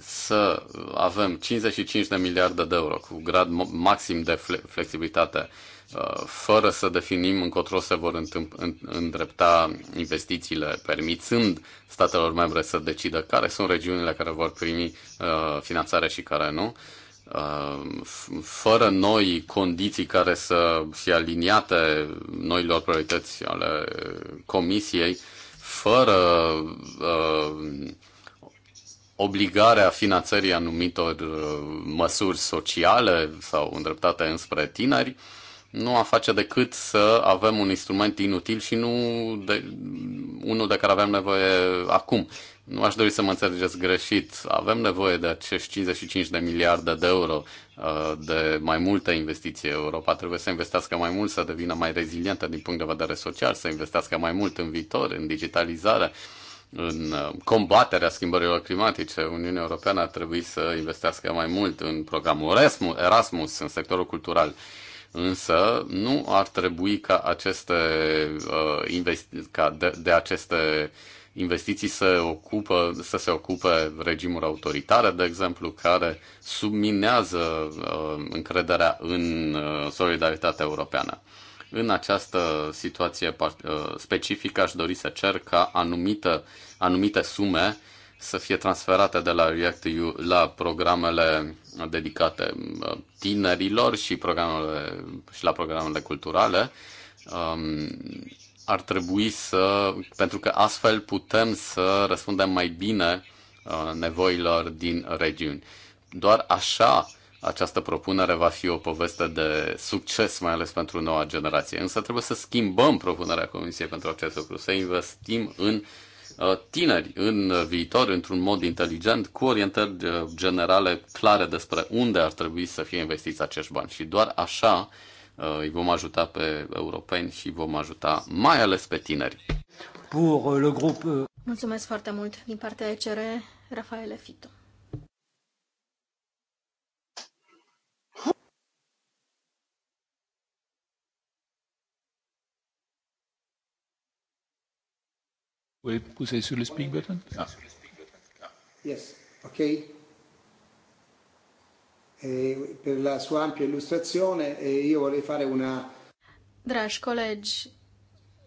Să avem 55 de miliarde de euro cu grad maxim de flexibilitate, fără să definim încotro se vor îndrepta investițiile, permițând statelor membre să decidă care sunt regiunile care vor primi finanțare și care nu Um, fără noi condiții care să fie aliniate noilor priorități ale Comisiei, fără uh, obligarea finanțării anumitor uh, măsuri sociale sau îndreptate înspre tineri, nu a face decât să avem un instrument inutil și nu de, unul de care avem nevoie acum. Nu aș dori să mă înțelegeți greșit. Avem nevoie de acești 55 de miliarde de euro uh, de mai multe investiții. Europa trebuie să investească mai mult, să devină mai rezilientă din punct de vedere social, să investească mai mult în viitor, în digitalizare, în uh, combaterea schimbărilor climatice. Uniunea Europeană ar trebui să investească mai mult în programul Erasmus, în sectorul cultural. Însă nu ar trebui ca aceste uh, investi- ca de, de aceste uh, investiții se ocupă, să se ocupe regimuri autoritare, de exemplu, care subminează uh, încrederea în uh, solidaritatea europeană. În această situație uh, specifică aș dori să cer ca anumite, anumite sume să fie transferate de la ReactEU la programele dedicate uh, tinerilor și, programele, și la programele culturale. Um, ar trebui să, pentru că astfel putem să răspundem mai bine uh, nevoilor din regiuni. Doar așa această propunere va fi o poveste de succes, mai ales pentru noua generație. Însă trebuie să schimbăm propunerea Comisiei pentru acest lucru, să investim în uh, tineri în viitor într-un mod inteligent, cu orientări uh, generale clare despre unde ar trebui să fie investiți acești bani. Și doar așa îi vom ajuta pe europeni și vom ajuta mai ales pe tineri. Pour uh, le grup... Uh, Mulțumesc foarte mult din partea ECR, Rafaele Fito. Vous pouvez pousser sur le speak button? Ah. Yes. Okay eh, per la sua ampia illustrazione e io vorrei fare una... Dragi colegi,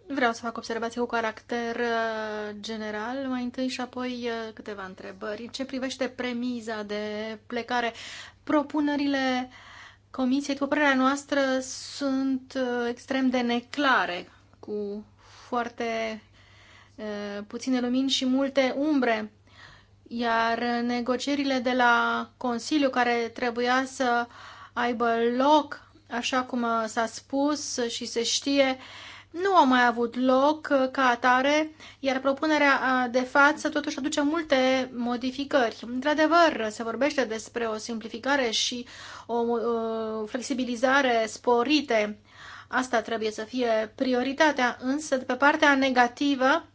vreau să fac observații cu caracter uh, general mai întâi și apoi uh, câteva întrebări. ce privește premiza de plecare, propunerile comisiei, după părerea noastră, sunt uh, extrem de neclare, cu foarte puține lumini și multe umbre. Iar negocierile de la Consiliu care trebuia să aibă loc, așa cum s-a spus și se știe, nu au mai avut loc ca atare, iar propunerea de față totuși aduce multe modificări. Într-adevăr, se vorbește despre o simplificare și o flexibilizare sporite. Asta trebuie să fie prioritatea, însă, pe partea negativă,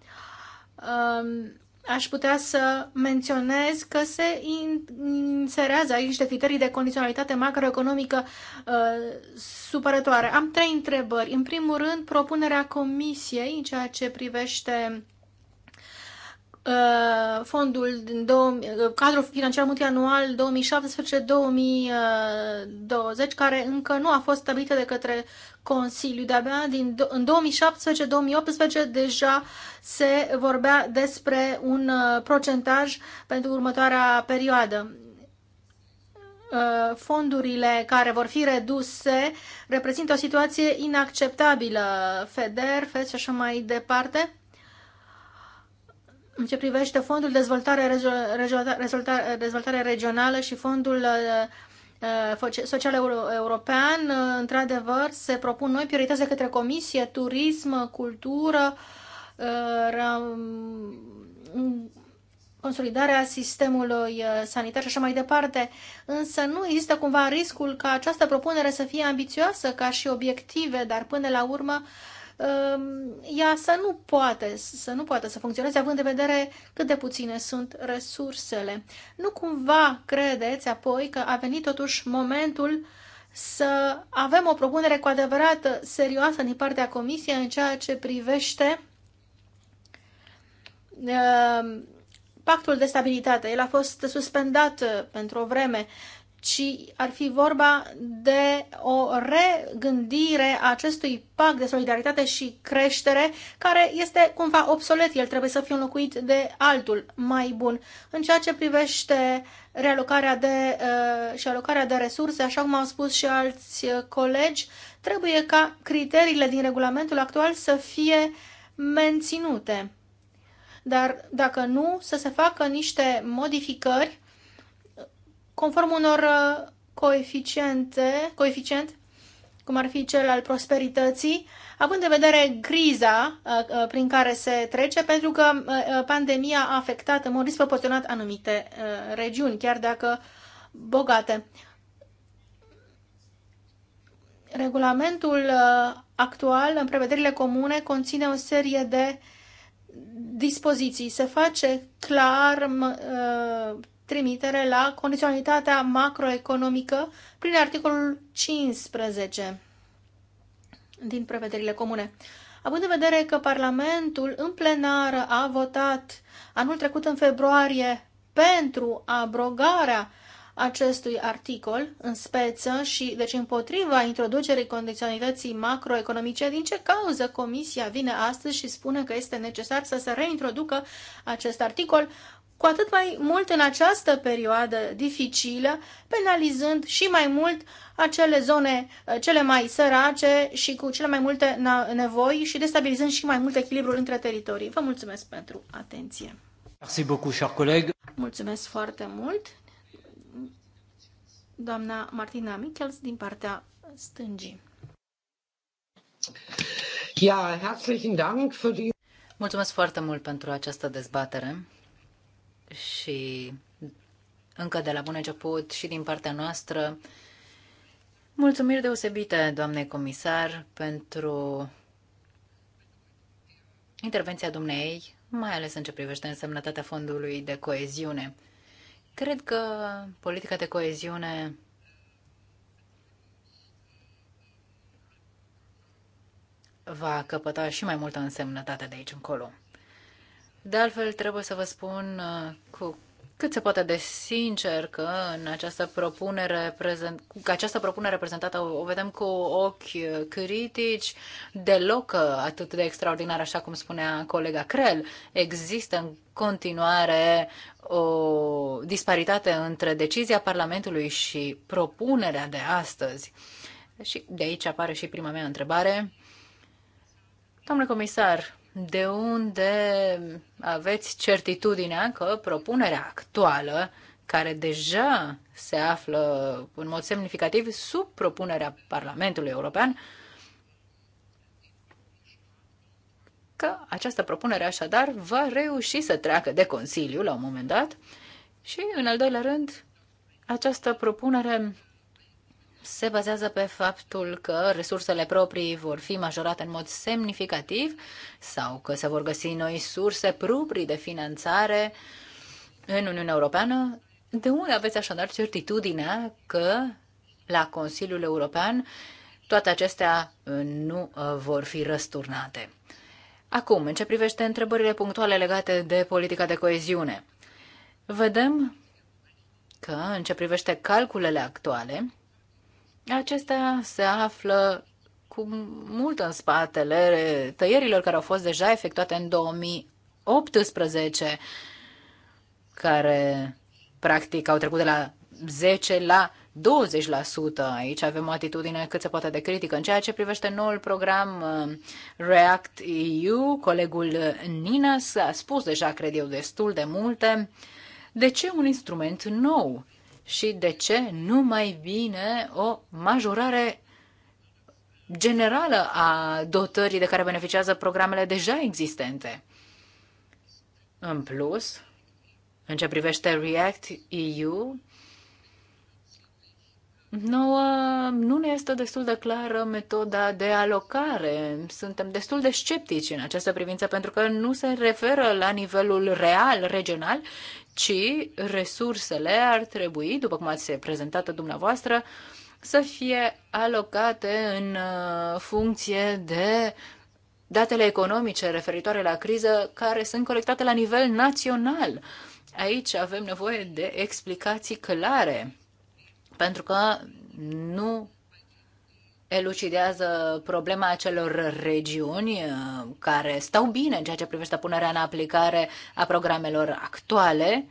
aș putea să menționez că se inserează aici niște criterii de condiționalitate macroeconomică uh, supărătoare. Am trei întrebări. În primul rând, propunerea Comisiei în ceea ce privește uh, Uh, fondul din două, uh, cadrul financiar multianual 2017-2020, uh, care încă nu a fost stabilită de către Consiliu. De-abia din, în 2017-2018 deja se vorbea despre un procentaj pentru următoarea perioadă fondurile care vor fi reduse reprezintă o situație inacceptabilă. FEDER, FED și așa mai departe. În ce privește fondul dezvoltare, dezvoltare regională și fondul uh, uh, social european, uh, într-adevăr, se propun noi priorități de către comisie, turism, cultură, mm, consolidarea sistemului sanitar și așa mai departe. Însă nu există cumva riscul ca această propunere să fie ambițioasă ca și obiective, dar până la urmă Ehm, ea să nu poate să, nu poate să funcționeze, având în vedere cât de puține sunt resursele. Nu cumva credeți apoi că a venit totuși momentul să avem o propunere cu adevărat serioasă din partea Comisiei în ceea ce privește ehm, pactul de stabilitate. El a fost suspendat eh, pentru o vreme ci ar fi vorba de o regândire a acestui pact de solidaritate și creștere, care este cumva obsolet, el trebuie să fie înlocuit de altul mai bun. În ceea ce privește realocarea de, uh, și alocarea de resurse, așa cum au spus și alți uh, colegi, trebuie ca criteriile din regulamentul actual să fie menținute. Dar dacă nu, să se facă niște modificări conform unor uh, coeficiente, coeficient, cum ar fi cel al prosperității, având în vedere griza uh, uh, prin care se trece, pentru că pandemia a afectat în mod disproporționat anumite regiuni, chiar dacă bogate. Regulamentul actual, în prevederile comune, conține o serie de dispoziții. Se face clar trimitere la condiționalitatea macroeconomică prin articolul 15 din prevederile comune. Având în vedere că Parlamentul în plenară a votat anul trecut în februarie pentru abrogarea acestui articol în speță și deci împotriva introducerii condiționalității macroeconomice, din ce cauză Comisia vine astăzi și spune că este necesar să se reintroducă acest articol, cu atât mai mult în această perioadă dificilă, penalizând și mai mult acele zone uh, cele mai sărace și cu cele mai multe nevoi și destabilizând și mai mult echilibrul între teritorii. Vă mulțumesc pentru atenție. Merci beaucoup, cher collègue. Mulțumesc foarte mult, doamna Martina Michels, din partea stângii. Ja, herzlichen Dank für die... Mulțumesc foarte mult pentru această dezbatere și încă de la bun început și din partea noastră mulțumiri deosebite, doamne comisar, pentru intervenția dumnei, mai ales în ce privește însemnătatea fondului de coeziune. Cred că politica de coeziune va căpăta și mai multă însemnătate de aici încolo. De altfel, trebuie să vă spun uh, cu cât se poate de sincer că în această propunere, prezent, că această propunere prezentată o vedem cu ochi uh, critici, deloc uh, atât de extraordinar, așa cum spunea colega Crel. Există în continuare o disparitate între decizia Parlamentului și propunerea de astăzi. Și de aici apare și prima mea întrebare. Domnule comisar, de unde aveți certitudinea că propunerea actuală, care deja se află în mod semnificativ sub propunerea Parlamentului European, că această propunere așadar va reuși să treacă de Consiliu la un moment dat și, în al doilea rând, această propunere se bazează pe faptul că resursele proprii vor fi majorate în mod semnificativ sau că se vor găsi noi surse proprii de finanțare în Uniunea Europeană. De unde aveți așadar certitudinea că la Consiliul European toate acestea uh, nu uh, vor fi răsturnate? Acum, în ce privește întrebările punctuale legate de politica de coeziune, vedem că, în ce privește calculele actuale, Acestea se află cu mult în spatele tăierilor care au fost deja efectuate în 2018, care practic au trecut de la 10 la 20%. Aici avem o atitudine cât se poate de critică. În ceea ce privește noul program uh, React EU, colegul Ninas a spus deja, cred eu, destul de multe. De ce un instrument nou? și de ce nu mai bine o majorare generală a dotării de care beneficiază programele deja existente. În plus, în ce privește React EU, Nouă nu ne este destul de clară metoda de alocare. Suntem destul de sceptici în această privință pentru că nu se referă la nivelul real, regional, ci resursele ar trebui, după cum ați prezentat dumneavoastră, să fie alocate în uh, funcție de datele economice referitoare la criză care sunt colectate la nivel național. Aici avem nevoie de explicații clare pentru că nu elucidează problema acelor regiuni uh, care stau bine în ceea ce privește punerea în aplicare a programelor actuale,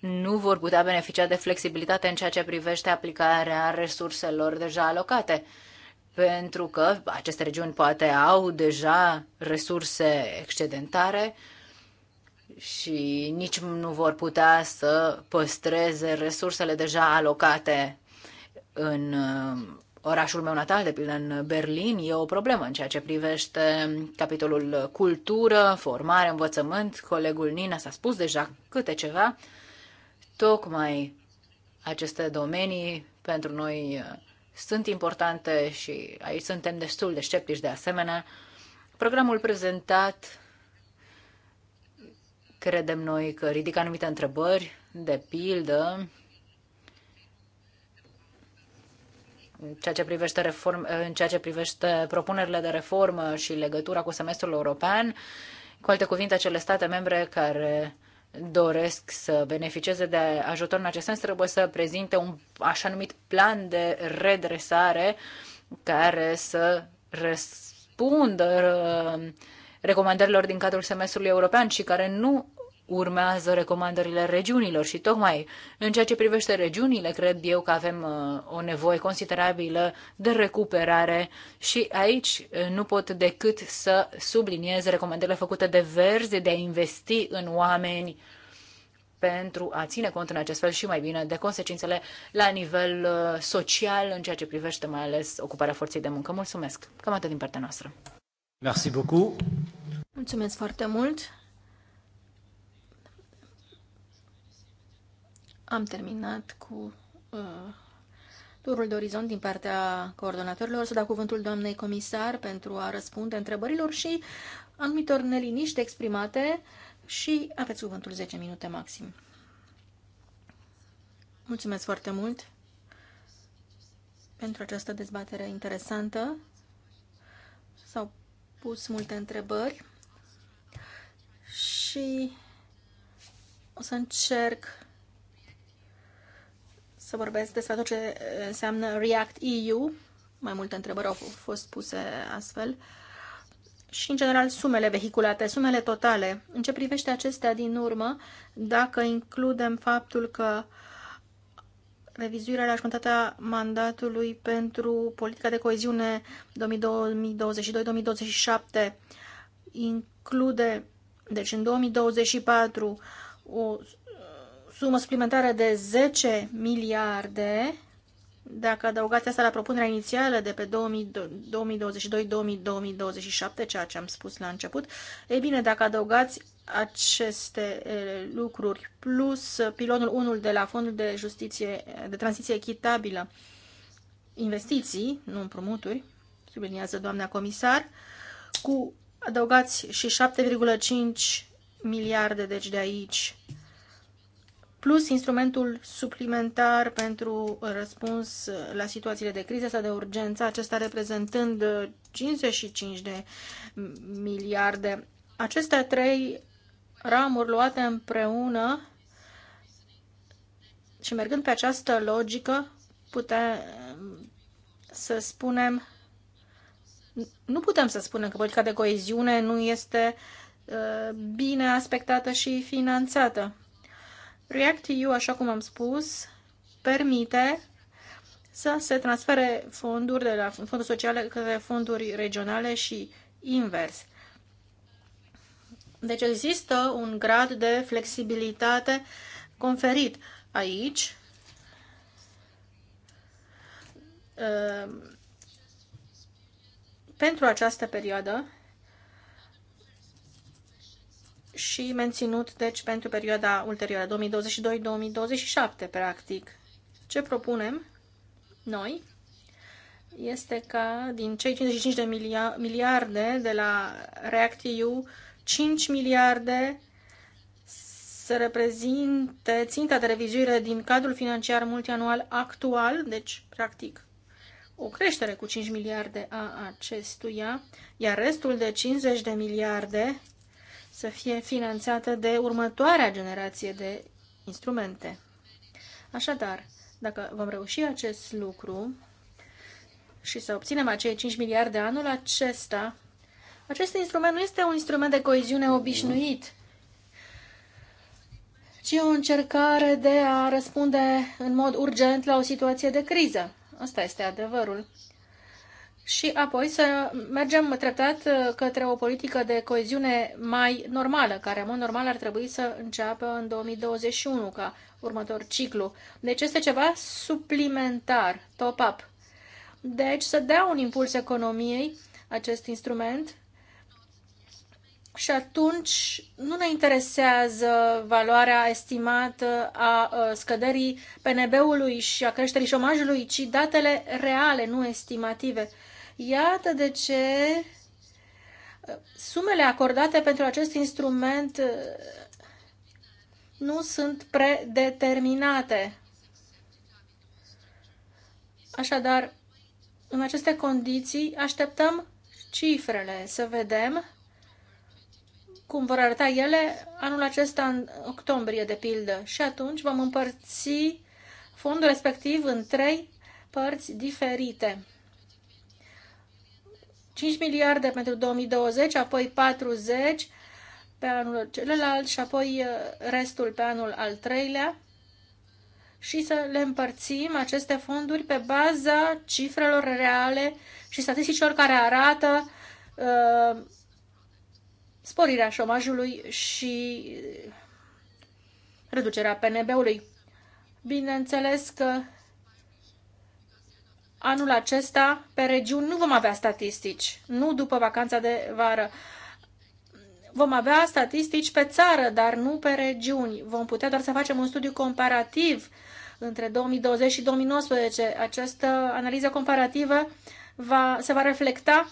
nu vor putea beneficia de flexibilitate în ceea ce privește aplicarea resurselor deja alocate, pentru că aceste regiuni poate au deja resurse excedentare și nici nu vor putea să păstreze resursele deja alocate în uh, orașul meu natal, de pildă în Berlin, e o problemă în ceea ce privește capitolul cultură, formare, învățământ. Colegul Nina s-a spus deja câte ceva. Tocmai aceste domenii pentru noi uh, sunt importante și aici suntem destul de sceptici de asemenea. Programul prezentat Credem noi că ridică anumite întrebări, de pildă, în ceea ce privește, reform, în ceea ce privește propunerile de reformă și legătura cu semestrul european. Cu alte cuvinte, acele state membre care doresc să beneficieze de ajutor în acest sens trebuie să prezinte un așa numit plan de redresare care să răspundă recomandărilor din cadrul semestrului european și care nu urmează recomandările regiunilor și tocmai în ceea ce privește regiunile, cred eu că avem uh, o nevoie considerabilă de recuperare și aici uh, nu pot decât să subliniez recomandările făcute de verzi de a investi în oameni pentru a ține cont în acest fel și mai bine de consecințele la nivel uh, social în ceea ce privește mai ales ocuparea forței de muncă. Mulțumesc! Cam atât din partea noastră. Merci beaucoup. Mulțumesc foarte mult. Am terminat cu uh, turul de orizont din partea coordonatorilor. Să dau cuvântul doamnei comisar pentru a răspunde întrebărilor și anumitor neliniști exprimate și aveți cuvântul 10 minute maxim. Mulțumesc foarte mult pentru această dezbatere interesantă. S-au pus multe întrebări și o să încerc să vorbesc despre tot ce înseamnă React EU. Mai multe întrebări au fost puse astfel. Și, în general, sumele vehiculate, sumele totale. În ce privește acestea din urmă, dacă includem faptul că uh, revizuirea la jumătatea mandatului pentru politica de coeziune 2022-2027 include, deci în 2024, o sumă suplimentară de 10 miliarde dacă adăugați asta la propunerea inițială de pe 2022-2027, ceea ce am spus la început, e bine, dacă adăugați aceste lucruri plus pilonul 1 de la Fondul de Justiție, de Tranziție Echitabilă, investiții, nu împrumuturi, subliniază doamna comisar, cu adăugați și 7,5 miliarde, deci de aici, plus instrumentul suplimentar pentru uh, răspuns uh, la situațiile de criză sau de urgență, acesta reprezentând 55 uh, de miliarde. Aceste trei ramuri luate împreună și mergând pe această logică, putem um, să spunem, nu putem să spunem că politica de coeziune nu este bine aspectată și finanțată React-EU, așa cum am spus, permite să se transfere fonduri de la fonduri sociale către fonduri regionale și invers. Deci există un grad de flexibilitate conferit aici. Ehm, pentru această perioadă și menținut, deci, pentru perioada ulterioară, 2022-2027, practic. Ce propunem noi este ca din cei 55 de miliarde de la REACT-EU, 5 miliarde să reprezinte ținta de revizuire din cadrul financiar multianual actual, deci, practic, o creștere cu 5 miliarde a acestuia, iar restul de 50 de miliarde să fie finanțată de următoarea generație de instrumente. Așadar, dacă vom reuși acest lucru și să obținem acei 5 miliarde anul acesta, acest instrument nu este un instrument de coeziune obișnuit, ci o încercare de a răspunde în mod urgent la o situație de criză. Asta este adevărul și apoi să mergem treptat uh, către o politică de coeziune mai normală, care, în mod normal, ar trebui să înceapă în 2021 ca următor ciclu. Deci este ceva suplimentar, top-up. Deci să dea un impuls economiei acest instrument și atunci nu ne interesează valoarea estimată a uh, scăderii PNB-ului și a creșterii șomajului, ci datele reale, nu estimative. Iată de ce uh, sumele acordate pentru acest instrument uh, nu sunt predeterminate. Așadar, în aceste condiții, așteptăm cifrele să vedem cum vor arăta ele anul acesta în octombrie, de pildă. Și atunci vom împărți fondul respectiv în trei părți diferite. 5 miliarde pentru 2020, apoi 40 pe anul celălalt și apoi uh, restul pe anul al treilea și să le împărțim aceste fonduri pe baza cifrelor reale și statisticilor care arată uh, sporirea șomajului și uh, reducerea PNB-ului. Bineînțeles că anul acesta pe regiuni nu vom avea statistici, nu după vacanța de vară. Vom avea statistici pe țară, dar nu pe regiuni. Vom putea doar să facem un studiu comparativ între 2020 și 2019. Această analiză comparativă va, se va reflecta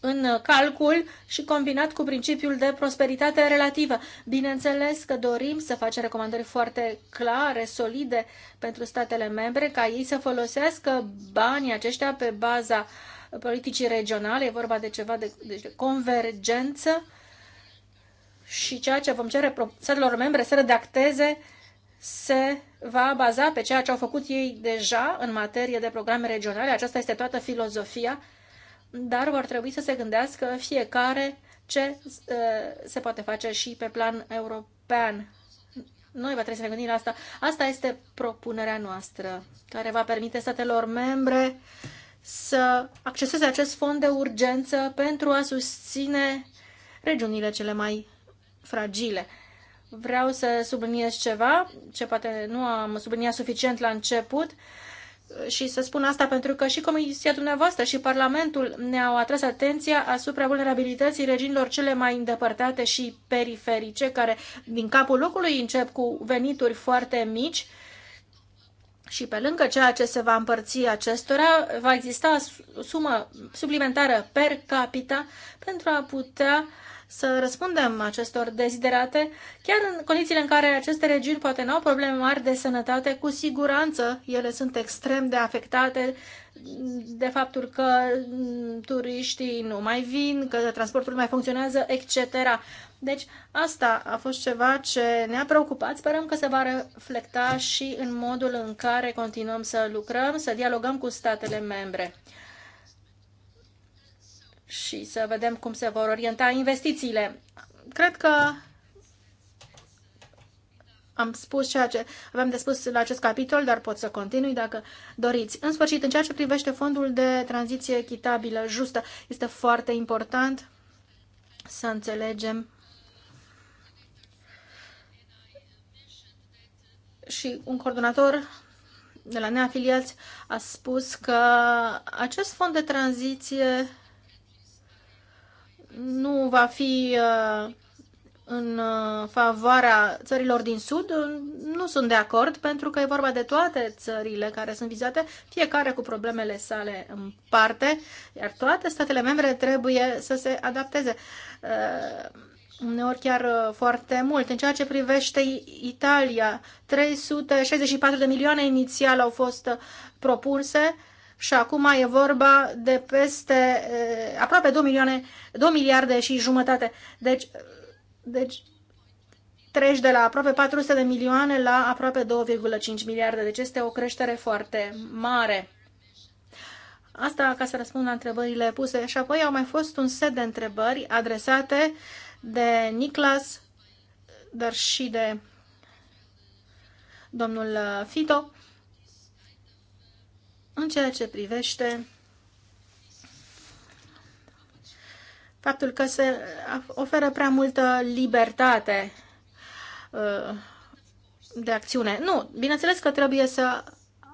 în uh, calcul și combinat cu principiul de prosperitate relativă. Bineînțeles că dorim să facem recomandări foarte clare, solide pentru statele membre, ca ei să folosească banii aceștia pe baza politicii regionale, e vorba de ceva de, deci de convergență și ceea ce vom cere statelor membre să redacteze se va baza pe ceea ce au făcut ei deja în materie de programe regionale. Aceasta este toată filozofia dar vor trebui să se gândească fiecare ce uh, se poate face și pe plan european. Noi va trebui să ne gândim la asta. Asta este propunerea noastră, care va permite statelor membre să acceseze acest fond de urgență pentru a susține regiunile cele mai fragile. Vreau să subliniez ceva ce poate nu am subliniat suficient la început. Uh, și să spun asta pentru că și Comisia dumneavoastră și Parlamentul ne-au atras atenția asupra vulnerabilității regiunilor cele mai îndepărtate și periferice, care din capul locului încep cu venituri foarte mici și pe lângă ceea ce se va împărți acestora, va exista o sumă suplimentară per capita pentru a putea uh, să răspundem acestor deziderate, chiar în condițiile în care aceste regiuni poate nu au probleme mari de sănătate, cu siguranță ele sunt extrem de afectate de faptul că turiștii nu mai vin, că transportul nu mai funcționează, etc. Deci asta a fost ceva ce ne-a preocupat. Sperăm că se va reflecta și în modul în care continuăm să lucrăm, să dialogăm cu statele membre și să vedem cum se vor orienta investițiile. Cred că am spus ceea ce aveam de spus la acest capitol, dar pot să continui dacă doriți. În sfârșit, în ceea ce privește fondul de tranziție echitabilă, justă, este foarte important să înțelegem și un coordonator de la neafiliați a spus că acest fond de tranziție nu va fi uh, în uh, favoarea țărilor din Sud, uh, nu sunt de acord, pentru că e vorba de toate țările care sunt vizate, fiecare cu problemele sale în parte, iar toate statele membre trebuie să se adapteze. Uneori chiar foarte mult. În ceea ce privește Italia, 364 de milioane inițial au fost propunse, și acum e vorba de peste eh, aproape 2, milioane, 2 miliarde și jumătate. Deci, eh, deci treci de la aproape 400 de milioane la aproape 2,5 miliarde. Deci este o creștere foarte mare. Asta ca să răspund la întrebările puse. Și apoi au mai fost un set de întrebări adresate de Niclas, dar și de domnul eh, Fito în ceea ce privește faptul că se oferă prea multă libertate uh, de acțiune. Nu, bineînțeles că trebuie să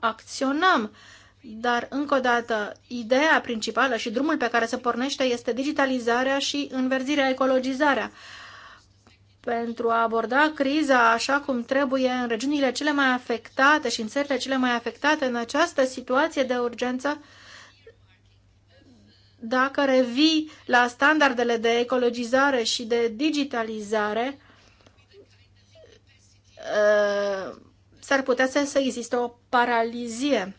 acționăm, dar încă o dată, ideea principală și drumul pe care se pornește este digitalizarea și înverzirea, ecologizarea pentru a aborda criza așa cum trebuie în regiunile cele mai afectate și în țările cele mai afectate în această situație de urgență, dacă revii la standardele de ecologizare și de digitalizare, uh, s-ar putea să, să existe o paralizie.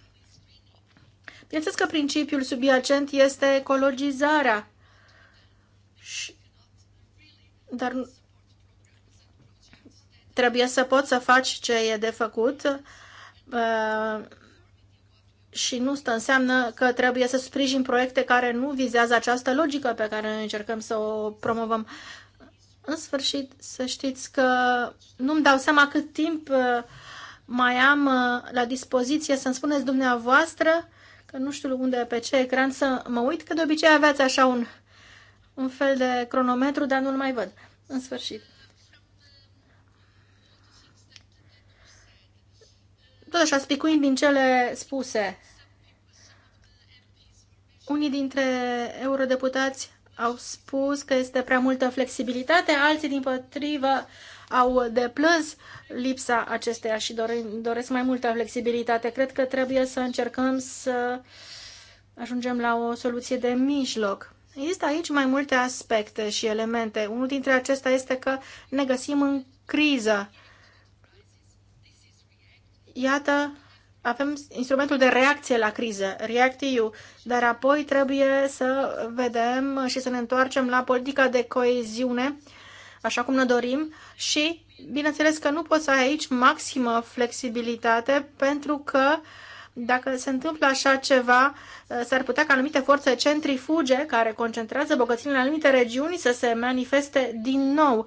Bineînțeles că principiul subiacent este ecologizarea, dar trebuie să poți să faci ce e de făcut uh, și nu stă înseamnă că trebuie să sprijin proiecte care nu vizează această logică pe care încercăm să o promovăm. În sfârșit, să știți că nu-mi dau seama cât timp uh, mai am uh, la dispoziție să-mi spuneți dumneavoastră că nu știu unde pe ce ecran să mă uit, că de obicei aveați așa un, un fel de cronometru, dar nu-l mai văd. În sfârșit. Tot așa, spicuind din cele spuse, unii dintre eurodeputați au spus că este prea multă flexibilitate, alții, din potrivă, au deplâns lipsa acesteia și doresc mai multă flexibilitate. Cred că trebuie să încercăm să ajungem la o soluție de mijloc. Există aici mai multe aspecte și elemente. Unul dintre acestea este că ne găsim în criză Iată, avem instrumentul de reacție la criză, REACT-EU, dar apoi trebuie să vedem și să ne întoarcem la politica de coeziune, așa cum ne dorim, și bineînțeles că nu poți să ai aici maximă flexibilitate, pentru că dacă se întâmplă așa ceva, eh, s-ar putea ca anumite forțe centrifuge care concentrează bogății în anumite regiuni să se manifeste din nou. Uh,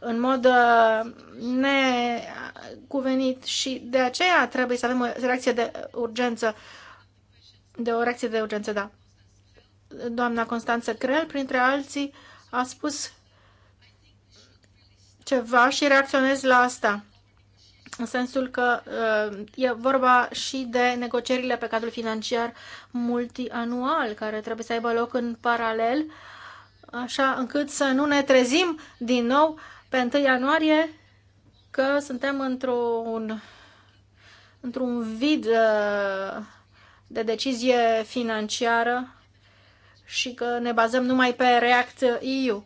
în mod uh, necuvenit și de aceea trebuie să avem o reacție de urgență. De o reacție de urgență, da. Doamna Constanță Crel, printre alții, a spus ceva și reacționez la asta. În sensul că uh, e vorba și de negocierile pe cadrul financiar multianual, care trebuie să aibă loc în paralel, așa încât să nu ne trezim din nou uh, pe 1 ianuarie că suntem într-un într-un vid uh, de decizie financiară și că ne bazăm numai pe React EU.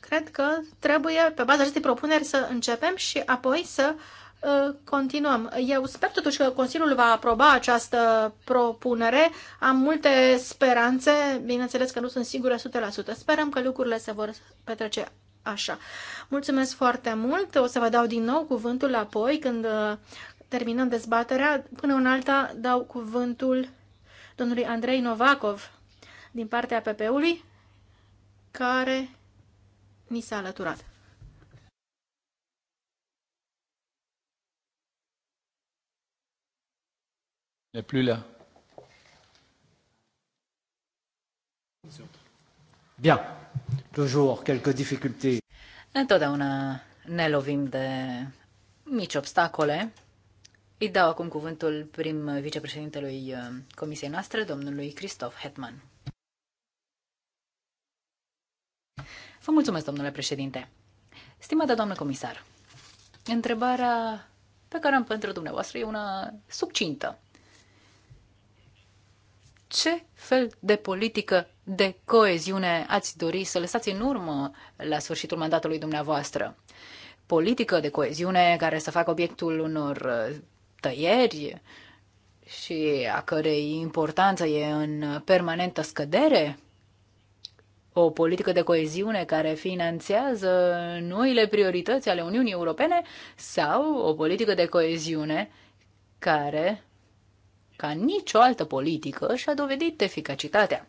Cred că trebuie, pe baza acestei propuneri, să începem și apoi să uh, continuăm. Eu sper totuși că Consiliul va aproba această propunere. Am multe speranțe, bineînțeles că nu sunt sigură 100%. Sperăm că lucrurile se vor petrece așa. Mulțumesc foarte mult. O să vă dau din nou cuvântul apoi când uh, terminăm dezbaterea. Până în alta dau cuvântul domnului Andrei Novakov din partea PP-ului care ni s-a alăturat. Ne plus là. Bien toujours quelques difficultés. Întotdeauna ne lovim de mici obstacole. Îi dau acum cuvântul prim vicepreședintelui uh, comisiei noastre, domnului Christoph Hetman. Vă mulțumesc, domnule președinte. Stimată doamnă comisar, întrebarea pe care am pentru dumneavoastră e una subcintă. Ce fel de politică de coeziune ați dori să lăsați în urmă la sfârșitul mandatului dumneavoastră? Politică de coeziune care să facă obiectul unor uh, tăieri și a cărei importanță e în permanentă scădere? O politică de coeziune care finanțează noile priorități ale Uniunii Europene sau o politică de coeziune care, ca nicio altă politică, și-a dovedit eficacitatea?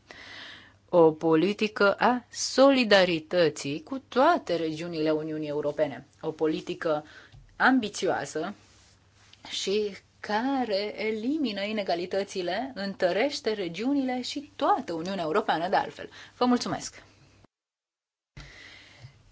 o politică a solidarității cu toate regiunile Uniunii Europene. O politică ambițioasă și care elimină inegalitățile, întărește regiunile și toată Uniunea Europeană de altfel. Vă mulțumesc!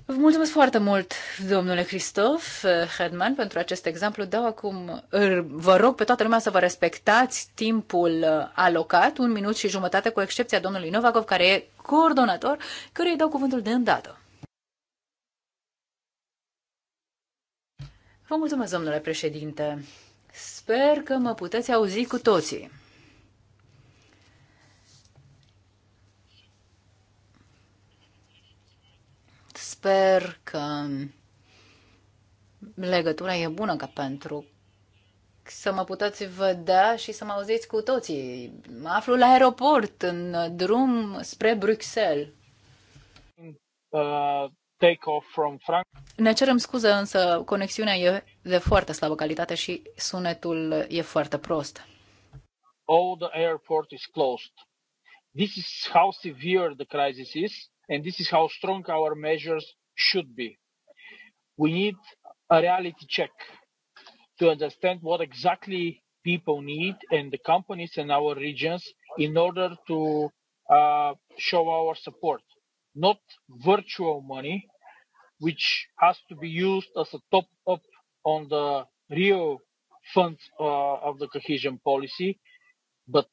Vă mulțumesc foarte mult, domnule Cristof eh, Hedman, pentru acest exemplu. Dau acum, vă rog pe toată lumea să vă respectați timpul eh, alocat, un minut și jumătate, cu excepția domnului Novakov, care e coordonator, căruia îi dau cuvântul de îndată. Vă mulțumesc, domnule președinte. Sper că mă puteți auzi cu toții. Sper că legătura e bună ca pentru să mă puteți vedea și să mă auziți cu toții. Mă aflu la aeroport, în drum spre Bruxelles. Uh, take-off from Frank- ne cerem scuze, însă conexiunea e de foarte slabă calitate și sunetul e foarte prost. All the airport is closed. This is how severe the crisis is and this is how strong our measures should be. We need a reality check to understand what exactly people need and the companies in our regions in order to uh, show our support. Not virtual money, which has to be used as a top up on the real funds uh, of the cohesion policy, but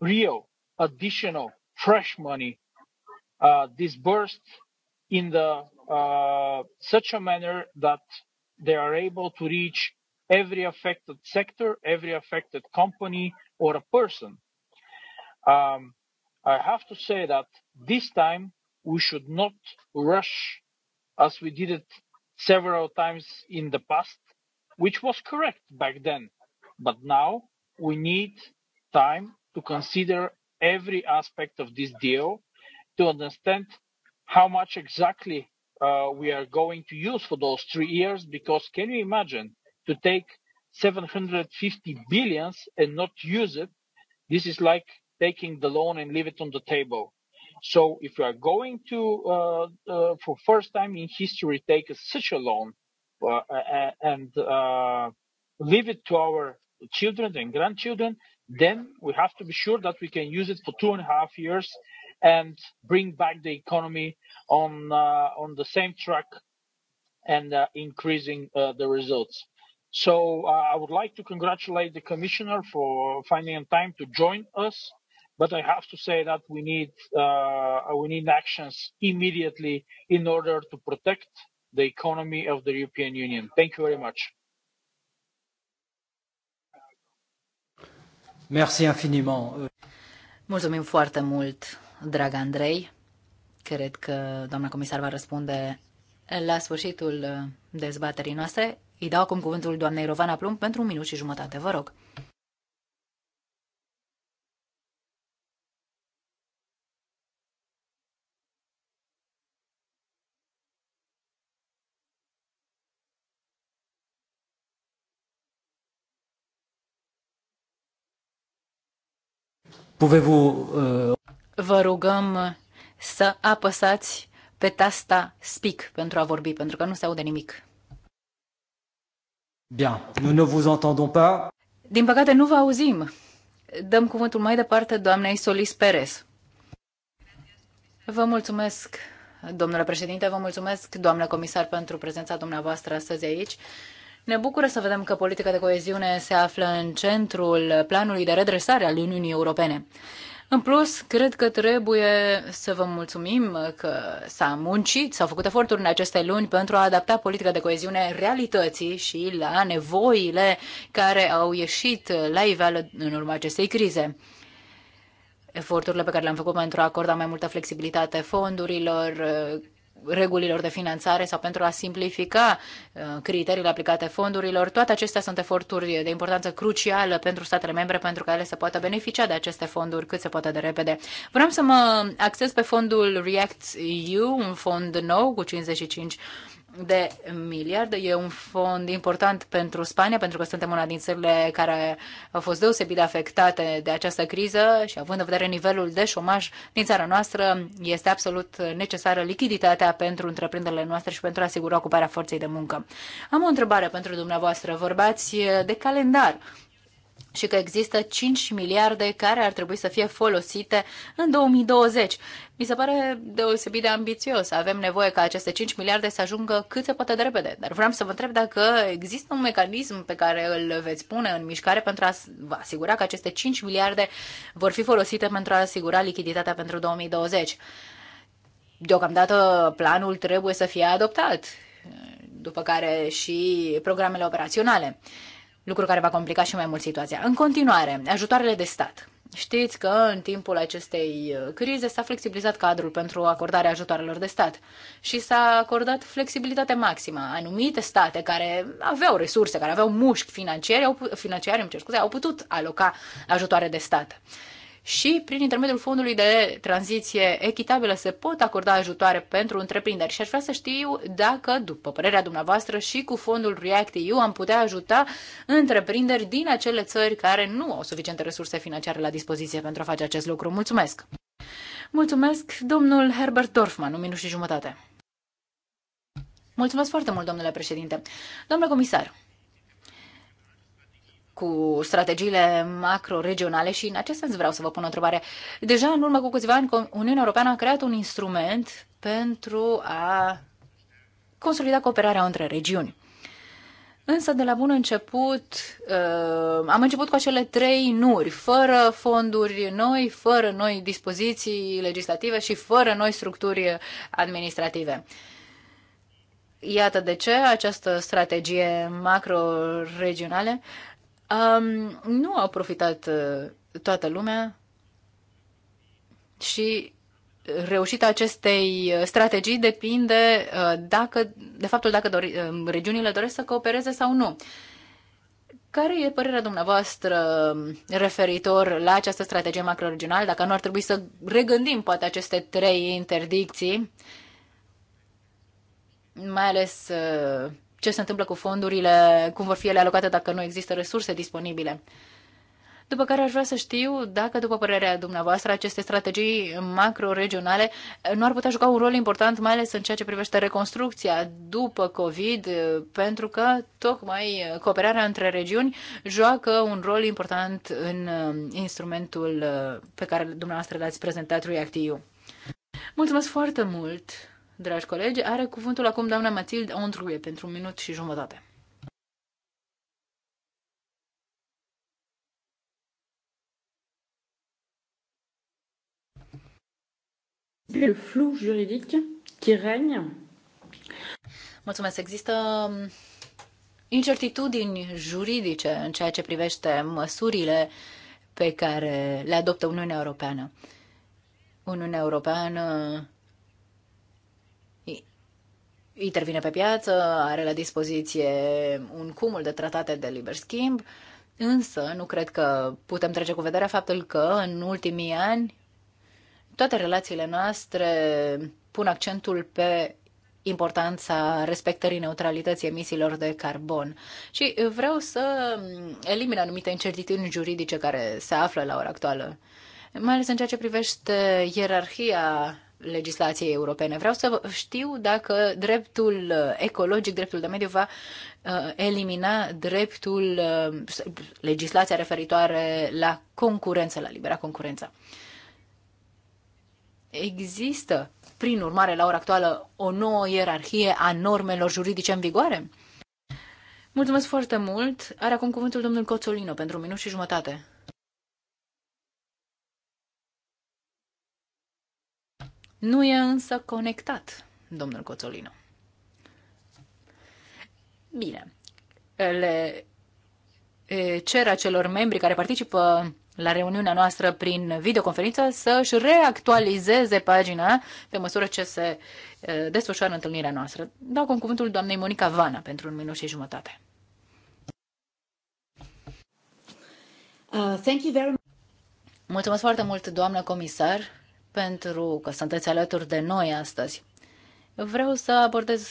real, additional, fresh money uh, disbursed in the uh, such a manner that they are able to reach every affected sector, every affected company or a person. Um, I have to say that this time we should not rush as we did it several times in the past, which was correct back then. But now we need time to consider every aspect of this deal to understand how much exactly uh, we are going to use for those three years. Because can you imagine to take 750 billions and not use it? This is like taking the loan and leave it on the table. So if you are going to, uh, uh, for first time in history, take a, such a loan uh, and uh, leave it to our children and grandchildren, then we have to be sure that we can use it for two and a half years and bring back the economy on uh, on the same track and uh, increasing uh, the results. So I would like to congratulate the commissioner for finding time to join us but I have to say that we need uh, we need actions immediately in order to protect the economy of the European Union. Thank you very much. Merci infiniment. Mulțumim foarte mult drag Andrei. Cred că doamna comisar va răspunde la sfârșitul uh, dezbaterii noastre. Îi dau acum cuvântul doamnei Rovana Plumb pentru un minut și jumătate. Vă rog. Pouvez-vous euh, vă rugăm să apăsați pe tasta speak pentru a vorbi, pentru că nu se aude nimic. Bien, nous ne vous entendons pas. Din păcate nu vă auzim. Dăm cuvântul mai departe doamnei Solis Perez. Vă mulțumesc, domnule președinte, vă mulțumesc, doamnă comisar, pentru prezența dumneavoastră astăzi aici. Ne bucură să vedem că politica de coeziune se află în centrul planului de redresare al Uniunii Europene. În plus, cred că trebuie să vă mulțumim că s-a muncit, s-au făcut eforturi în aceste luni pentru a adapta politica de coeziune realității și la nevoile care au ieșit la iveală în urma acestei crize eforturile pe care le-am făcut pentru a acorda mai multă flexibilitate fondurilor, regulilor de finanțare sau pentru a simplifica uh, criteriile aplicate fondurilor. Toate acestea sunt eforturi de importanță crucială pentru statele membre pentru ca ele să poată beneficia de aceste fonduri cât se poate de repede. Vreau să mă acces pe fondul React EU, un fond nou cu 55 de miliarde. E un fond important pentru Spania, pentru că suntem una din țările care au fost deosebit de afectate de această criză și având în vedere nivelul de șomaj din țara noastră, este absolut necesară lichiditatea pentru întreprinderile noastre și pentru a asigura ocuparea forței de muncă. Am o întrebare pentru dumneavoastră. Vorbeați de calendar și că există 5 miliarde care ar trebui să fie folosite în 2020. Mi se pare deosebit de ambițios. Avem nevoie ca aceste 5 miliarde să ajungă cât se poate de repede. Dar vreau să vă întreb dacă există un mecanism pe care îl veți pune în mișcare pentru a vă asigura că aceste 5 miliarde vor fi folosite pentru a asigura lichiditatea pentru 2020. Deocamdată planul trebuie să fie adoptat, după care și programele operaționale lucru care va complica și mai mult situația. În continuare, ajutoarele de stat. Știți că în timpul acestei uh, crize s-a flexibilizat cadrul pentru acordarea ajutoarelor de stat și s-a acordat flexibilitate maximă. Anumite state care aveau resurse, care aveau mușchi financiari, au, financiari îmi cer scuze, au putut aloca ajutoare de stat. Uh, și prin intermediul fondului de tranziție echitabilă se pot acorda ajutoare pentru întreprinderi. Și aș vrea să știu dacă, după părerea dumneavoastră, și cu fondul REACT-EU am putea ajuta întreprinderi din acele țări care nu au suficiente resurse financiare la dispoziție pentru a face acest lucru. Mulțumesc! Mulțumesc, domnul Herbert Dorfman, un minut și jumătate. Mulțumesc foarte mult, domnule președinte. Domnule comisar, cu strategiile macro-regionale și în acest sens vreau să vă pun o întrebare. Deja în urmă cu câțiva ani, Uniunea Europeană a creat un instrument pentru a consolida cooperarea între regiuni. Însă, de la bun început, uh, am început cu acele trei nuri, fără fonduri noi, fără noi dispoziții legislative și fără noi structuri administrative. Iată de ce această strategie macro-regională Um, nu au profitat uh, toată lumea și reușita acestei uh, strategii depinde uh, dacă, de faptul dacă dori, um, regiunile doresc să coopereze sau nu. Care e părerea dumneavoastră um, referitor la această strategie macroregională? Dacă nu ar trebui să regândim poate aceste trei interdicții, mai ales ce se întâmplă cu fondurile, cum vor fi ele alocate dacă nu există resurse disponibile. După care aș vrea să știu dacă, după părerea dumneavoastră, aceste strategii macro-regionale nu ar putea juca un rol important, mai ales în ceea ce privește reconstrucția după COVID, pentru că tocmai cooperarea între regiuni joacă un rol important în um, instrumentul uh, pe care dumneavoastră l-ați prezentat, react Mulțumesc foarte mult! dragi colegi. Are cuvântul acum doamna Matilde Ondruie pentru un minut și jumătate. Le flou juridic qui règne. Mulțumesc. Există um, incertitudini juridice în ceea ce privește măsurile pe care le adoptă Uniunea Europeană. Uniunea Europeană intervine pe piață, are la dispoziție un cumul de tratate de liber schimb, însă nu cred că putem trece cu vederea faptul că în ultimii ani toate relațiile noastre pun accentul pe importanța respectării neutralității emisiilor de carbon. Și vreau să elimin anumite incertitudini juridice care se află la ora actuală, mai ales în ceea ce privește ierarhia legislației europene. Vreau să știu dacă dreptul ecologic, dreptul de mediu va uh, elimina dreptul, uh, legislația referitoare la concurență, la libera concurență. Există, prin urmare, la ora actuală, o nouă ierarhie a normelor juridice în vigoare? Mulțumesc foarte mult. Are acum cuvântul domnul Coțolino pentru un minut și jumătate. Nu e însă conectat, domnul Coțolino. Bine. Le cer acelor membri care participă la reuniunea noastră prin videoconferință să își reactualizeze pagina pe măsură ce se desfășoară întâlnirea noastră. Dau cu cuvântul doamnei Monica Vana pentru un minut și jumătate. Uh, thank you very much. Mulțumesc foarte mult, doamnă comisar, pentru că sunteți alături de noi astăzi. Vreau să abordez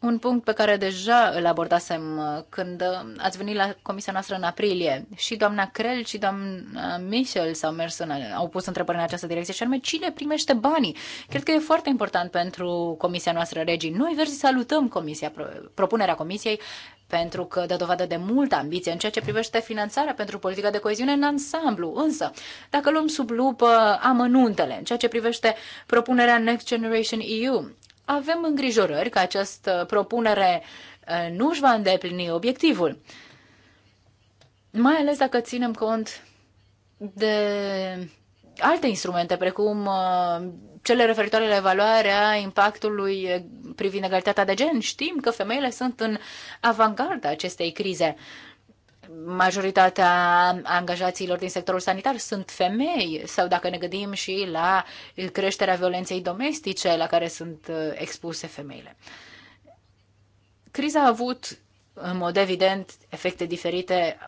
un punct pe care deja îl abordasem uh, când uh, ați venit la comisia noastră în aprilie și doamna Crel și doamna Michel s-au mers în, au pus întrebări în această direcție și anume cine primește banii. Cred că e foarte important pentru comisia noastră regii. Noi versi salutăm comisia, propunerea comisiei pentru că dă dovadă de multă ambiție în ceea ce privește finanțarea pentru politica de coeziune în ansamblu. Însă, dacă luăm sub lupă amănuntele în ceea ce privește propunerea Next Generation EU, avem îngrijorări că această propunere uh, nu își va îndeplini obiectivul. Mai ales dacă ținem cont de alte instrumente, precum uh, cele referitoare la evaluarea impactului uh, privind egalitatea de gen. Știm că femeile sunt în avangarda acestei crize majoritatea angajaților din sectorul sanitar sunt femei sau dacă ne gândim și la creșterea violenței domestice la care sunt uh, expuse femeile. Criza a avut, în mod evident, efecte diferite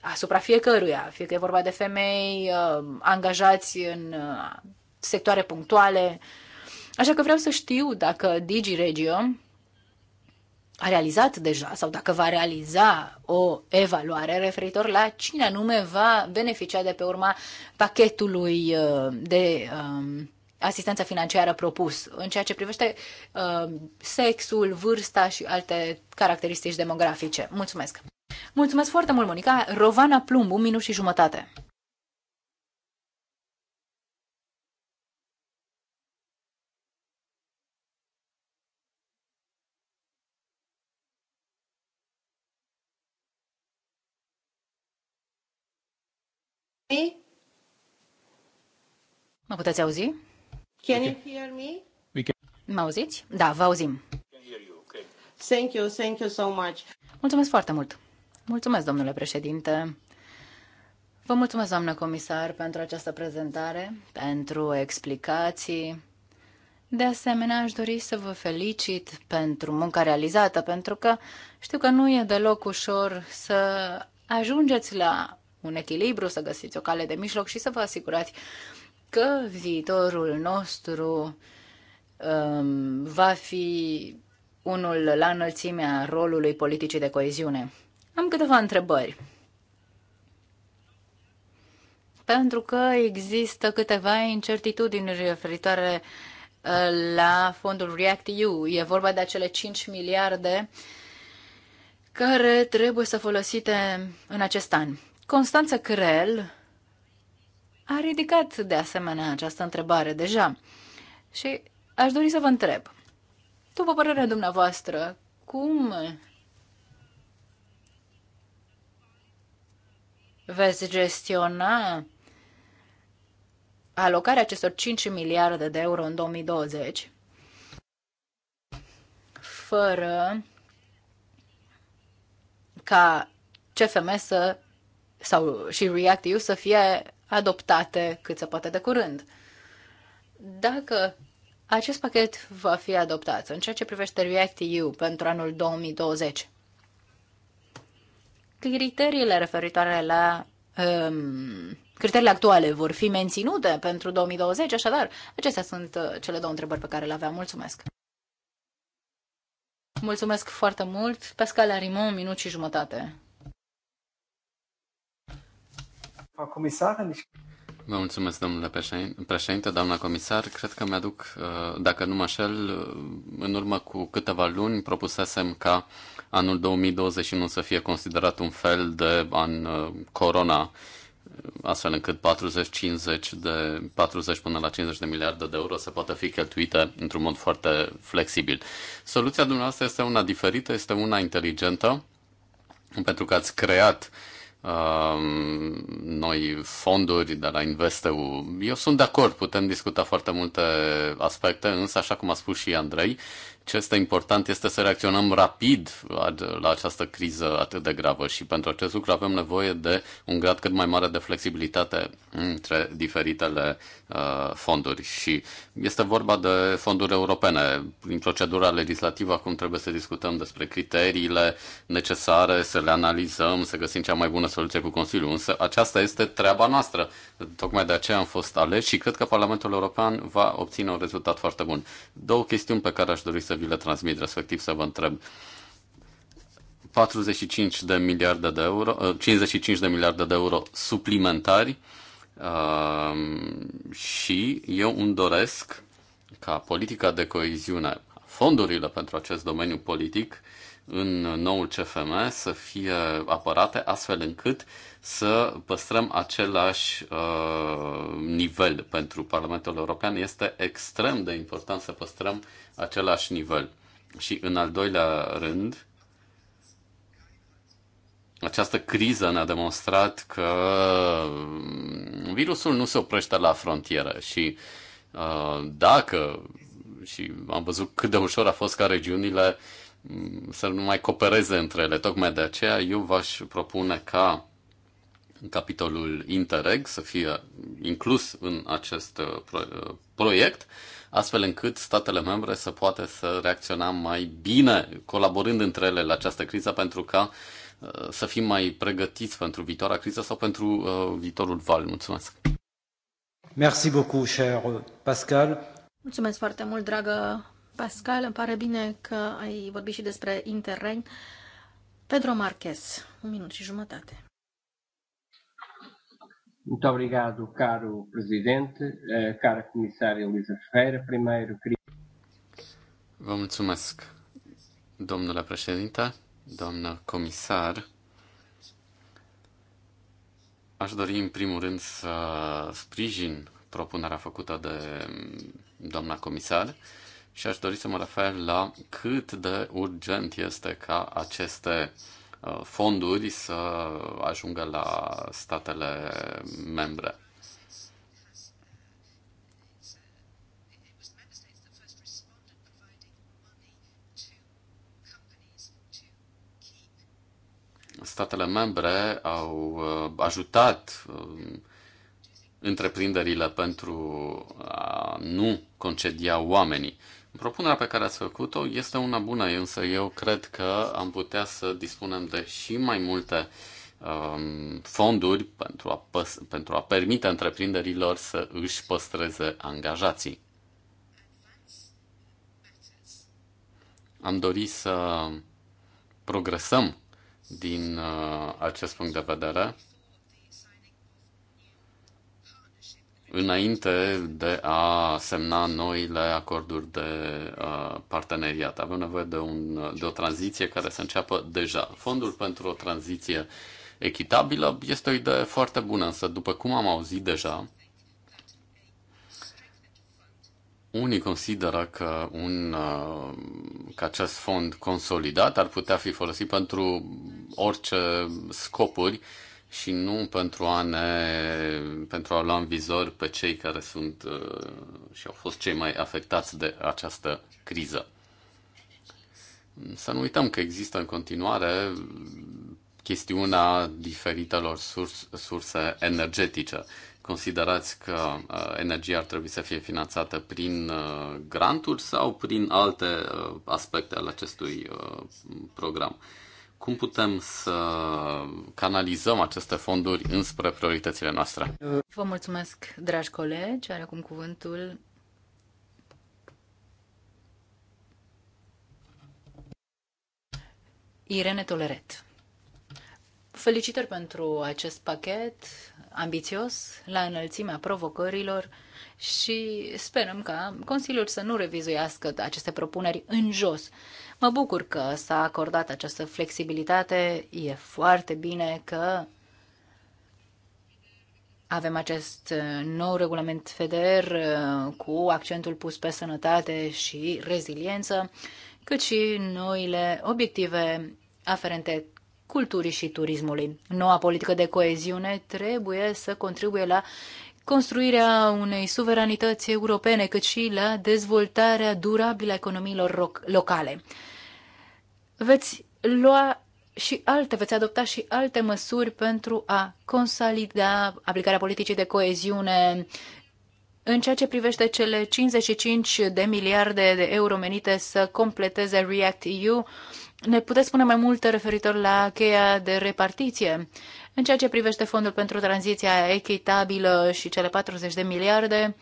asupra fiecăruia, fie că e vorba de femei, uh, angajați în uh, sectoare punctuale. Așa că vreau să știu dacă DigiRegio a realizat deja sau dacă va realiza o evaluare referitor la cine anume va beneficia de pe urma pachetului uh, de um, asistență financiară propus în ceea ce privește uh, sexul, vârsta și alte caracteristici demografice. Mulțumesc! Mulțumesc foarte mult, Monica! Rovana Plumbu minus minut și jumătate. Mă puteți auzi? Can you hear me? We can. Mă auziți? Da, vă auzim. Thank you, thank you so much. Mulțumesc foarte mult. Mulțumesc, domnule președinte. Vă mulțumesc, doamnă comisar, pentru această prezentare, pentru explicații. De asemenea, aș dori să vă felicit pentru munca realizată, pentru că știu că nu e deloc ușor să ajungeți la un echilibru, să găsiți o cale de mijloc și să vă asigurați că viitorul nostru um, va fi unul la înălțimea rolului politicii de coeziune. Am câteva întrebări. Pentru că există câteva incertitudini referitoare uh, la fondul REACT-EU. E vorba de acele 5 miliarde care trebuie să folosite în acest an. Constanță Crel a ridicat de asemenea această întrebare deja și aș dori să vă întreb, după părerea dumneavoastră, cum veți gestiona alocarea acestor 5 miliarde de euro în 2020 fără ca CFM să sau și React-EU să fie adoptate cât se poate de curând. Dacă acest pachet va fi adoptat în ceea ce privește React-EU pentru anul 2020, criteriile referitoare la um, criteriile actuale vor fi menținute pentru 2020, așadar, acestea sunt uh, cele două întrebări pe care le aveam. Mulțumesc! Mulțumesc foarte mult! Pascal Arimon, minut și jumătate. Comisar, Vă mulțumesc, domnule președinte, doamna comisar. Cred că mi-aduc, uh, dacă nu mă șel, uh, în urmă cu câteva luni propusesem ca anul 2021 să fie considerat un fel de an uh, corona, astfel încât 40, 50 de, 40 până la 50 de miliarde de euro să poată fi cheltuite într-un mod foarte flexibil. Soluția dumneavoastră este una diferită, este una inteligentă, pentru că ați creat uh, Um, noi fonduri de la InvestEU. Eu sunt de acord, putem discuta foarte multe aspecte, însă, așa cum a spus și Andrei, ce este important este să reacționăm rapid la, această criză atât de gravă și pentru acest lucru avem nevoie de un grad cât mai mare de flexibilitate între diferitele uh, fonduri. Și este vorba de fonduri europene. Prin procedura legislativă acum trebuie să discutăm despre criteriile necesare, să le analizăm, să găsim cea mai bună soluție cu Consiliul. Însă aceasta este treaba noastră. Tocmai de aceea am fost aleși și cred că Parlamentul European va obține un rezultat foarte bun. Două chestiuni pe care aș dori să vi le transmit, respectiv să vă întreb. 45 de miliarde de euro, 55 uh, de miliarde de euro suplimentari uh, și eu îmi doresc ca politica de coeziune, fondurile pentru acest domeniu politic în noul CFM să fie apărate astfel încât să păstrăm același uh, nivel pentru Parlamentul European. Este extrem de important să păstrăm același nivel. Și în al doilea rând, această criză ne-a demonstrat că virusul nu se oprește la frontieră și uh, dacă și am văzut cât de ușor a fost ca regiunile mm, să nu mai coopereze între ele. Tocmai de aceea eu v-aș propune ca capitolul Interreg să fie inclus în acest uh, uh, proiect, astfel încât statele membre să poată să reacționa mai bine, colaborând între ele la această criză, pentru ca uh, să fim mai pregătiți pentru viitoarea criză sau pentru viitorul val. Mulțumesc! Merci beaucoup, cher Pascal. Mulțumesc foarte mult, dragă Pascal. Îmi pare bine că ai vorbit și despre Interreg. Pedro Marquez, un minut și jumătate. Muito obrigado, caro presidente, uh, cara comissária Elisa Ferreira. Primeiro, queria. Vă mulțumesc, domnule președinte, doamnă comisar. Aș dori, în primul rând, să sprijin propunerea făcută de doamna comisar și aș dori să mă refer la cât de urgent este ca aceste uh, Uh, fonduri să ajungă la statele membre. Statele membre au uh, ajutat um, întreprinderile pentru a nu concedia oamenii. Propunerea pe care ați făcut-o este una bună, însă eu cred că am putea să dispunem de și mai multe um, fonduri pentru a, păs- pentru a permite întreprinderilor să își păstreze angajații. Am dorit să progresăm din uh, acest punct de vedere înainte de a semna noile acorduri de uh, parteneriat. Avem nevoie de, un, de o tranziție care să înceapă deja. Fondul pentru o tranziție echitabilă este o idee foarte bună, însă după cum am auzit deja, unii consideră că, un, uh, că acest fond consolidat ar putea fi folosit pentru orice scopuri uh, și nu pentru a, ne, pentru a lua în vizor pe cei care sunt uh, și au fost cei mai afectați de această criză. Să nu uităm că există în continuare chestiunea diferitelor surs, surse energetice. Considerați că uh, energia ar trebui să fie finanțată prin uh, granturi sau prin alte aspecte ale acestui program? Cum putem să canalizăm aceste fonduri înspre prioritățile noastre? Vă mulțumesc, dragi colegi. Are acum cuvântul Irene Toleret. Felicitări pentru acest pachet ambițios, la înălțimea provocărilor și sperăm ca Consiliul să nu revizuiască aceste propuneri în jos. Mă bucur că s-a acordat această flexibilitate. E foarte bine că avem acest uh, nou regulament FEDER uh, cu accentul pus pe sănătate și reziliență, cât și noile obiective aferente culturii și turismului. Noua politică de coeziune trebuie să contribuie la construirea unei suveranități europene, cât și la dezvoltarea durabilă a economiilor locale. Veți lua și alte, veți adopta și alte măsuri pentru a consolida aplicarea politicii de coeziune în ceea ce privește cele 55 de miliarde de euro menite să completeze React EU, ne puteți spune mai multe referitor la cheia de repartiție? În ceea ce privește fondul pentru tranziția echitabilă și cele 40 de miliarde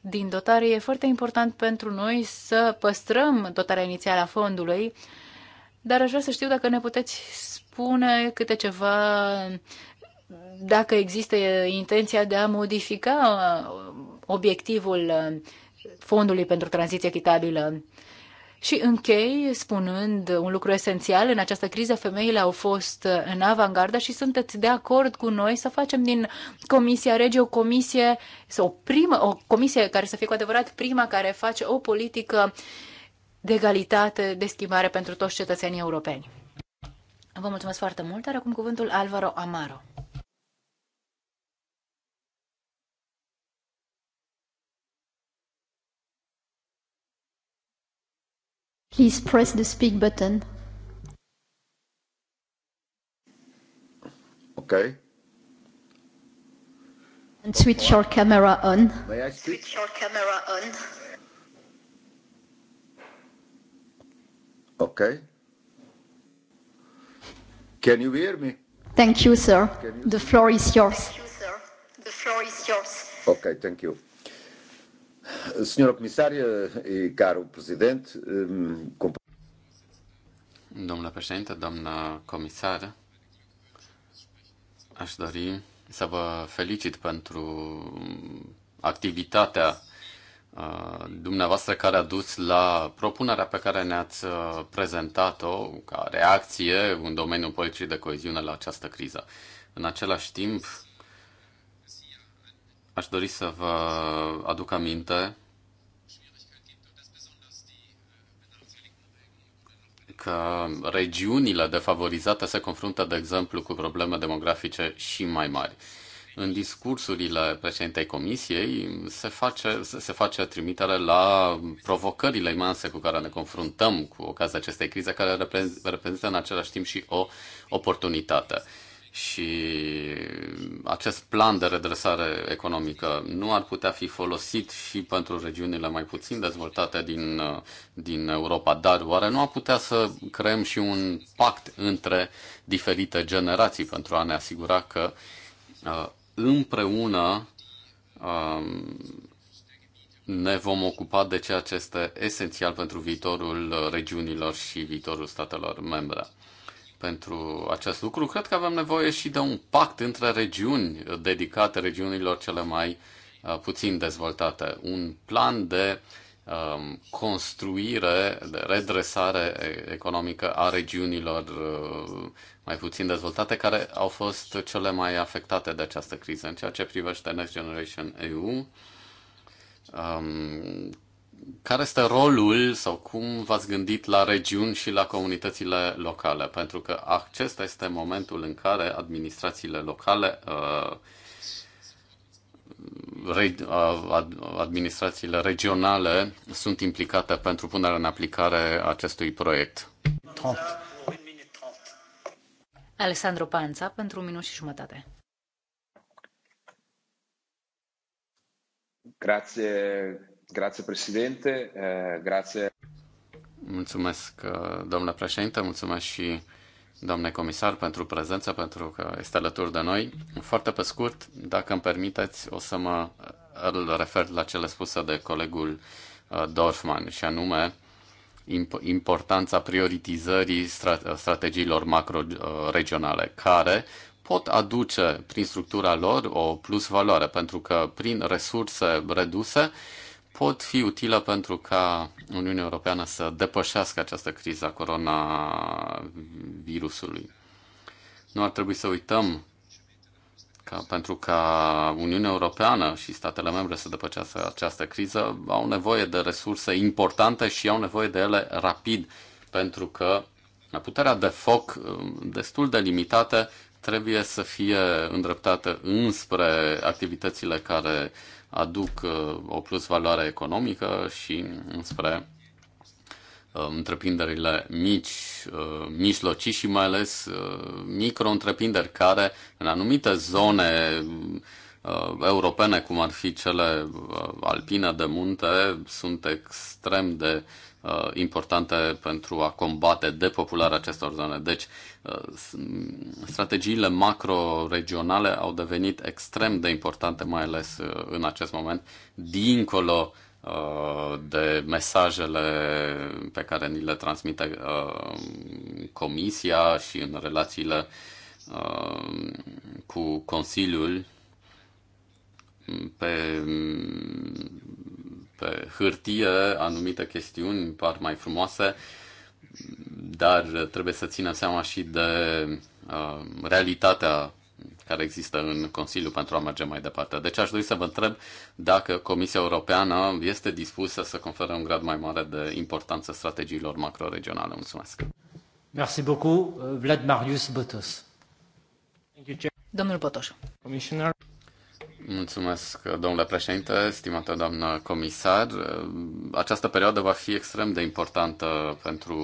din dotare, e foarte important pentru noi să păstrăm dotarea inițială a fondului, dar aș vrea să știu dacă ne puteți spune câte ceva dacă există intenția de a modifica uh, obiectivul uh, fondului pentru tranziție echitabilă și închei spunând un lucru esențial, în această criză femeile au fost în avangardă și sunteți de acord cu noi să facem din Comisia Regie o comisie, o, primă, o comisie care să fie cu adevărat prima care face o politică de egalitate, de schimbare pentru toți cetățenii europeni. Vă mulțumesc foarte mult, are acum cuvântul Alvaro Amaro. Please press the speak button. Okay. And switch your camera on. May I speak? Switch your camera on. Okay. Can you hear me? Thank you, sir. You... The floor is yours. Thank you, sir. The floor is yours. Okay, thank you. Senhora Comissária eh, e caro Presidente, eh, comp- Domnule președinte, doamnă comisară, aș dori să vă felicit pentru activitatea eh, dumneavoastră care a dus la propunerea pe care ne-ați prezentat-o ca reacție în domeniul politicii de coeziune la această criză. În același timp, Aș dori să vă aduc aminte că regiunile defavorizate se confruntă, de exemplu, cu probleme demografice și mai mari. În discursurile președintei Comisiei se face, se face trimitere la provocările imense cu care ne confruntăm cu ocazia acestei crize, care reprezintă în același timp și o oportunitate și acest plan de redresare economică nu ar putea fi folosit și pentru regiunile mai puțin dezvoltate din, din Europa, dar oare nu ar putea să creăm și un pact între diferite generații pentru a ne asigura că uh, împreună um, ne vom ocupa de ceea ce este esențial pentru viitorul regiunilor și viitorul statelor membre pentru acest lucru. Cred că avem nevoie și de un pact între regiuni dedicate regiunilor cele mai uh, puțin dezvoltate, un plan de um, construire, de redresare economică a regiunilor uh, mai puțin dezvoltate care au fost cele mai afectate de această criză. În ceea ce privește Next Generation EU, um, care este rolul sau cum v-ați gândit la regiuni și la comunitățile locale? Pentru că acesta este momentul în care administrațiile locale, uh, uh, administrațiile regionale sunt implicate pentru punerea în aplicare acestui proiect. Alessandro Panța, pentru un minut și jumătate. Grazie Grazie, președinte. Eh, grazie. Mulțumesc, eh, domnule președinte, mulțumesc și domnule comisar pentru prezență, pentru că este alături de noi. Foarte pe scurt, dacă îmi permiteți, o să mă eh, refer la cele spuse de colegul Dorfman, și anume importanța prioritizării strategiilor macro-regionale, care pot aduce prin structura lor o plus valoare, pentru că prin resurse reduse pot fi utile pentru ca Uniunea Europeană să depășească această criză a coronavirusului. Nu ar trebui să uităm că pentru ca Uniunea Europeană și statele membre să depășească această criză, au nevoie de resurse importante și au nevoie de ele rapid, pentru că puterea de foc um, destul de limitată trebuie să fie îndreptată înspre activitățile care aduc uh, o plus valoare economică și înspre uh, întreprinderile mici, uh, mijlocii și mai ales micro-întreprinderi care în anumite zone europene, cum ar fi cele alpine de munte, sunt extrem de uh, importante pentru a combate depopularea acestor zone. Deci, uh, strategiile macro-regionale au devenit extrem de importante, mai ales uh, în acest moment, dincolo uh, de mesajele pe care ni le transmite uh, Comisia și în relațiile uh, cu Consiliul pe pe hârtie anumite chestiuni par mai frumoase, dar trebuie să țină seama și de uh, realitatea care există în Consiliu pentru a merge mai departe. Deci aș dori să vă întreb dacă Comisia Europeană este dispusă să conferă un grad mai mare de importanță strategiilor macroregionale. Mulțumesc. Merci beaucoup, Vlad Marius Botos. Domnul Botos. Mulțumesc, domnule președinte, stimată doamnă comisar. Această perioadă va fi extrem de importantă pentru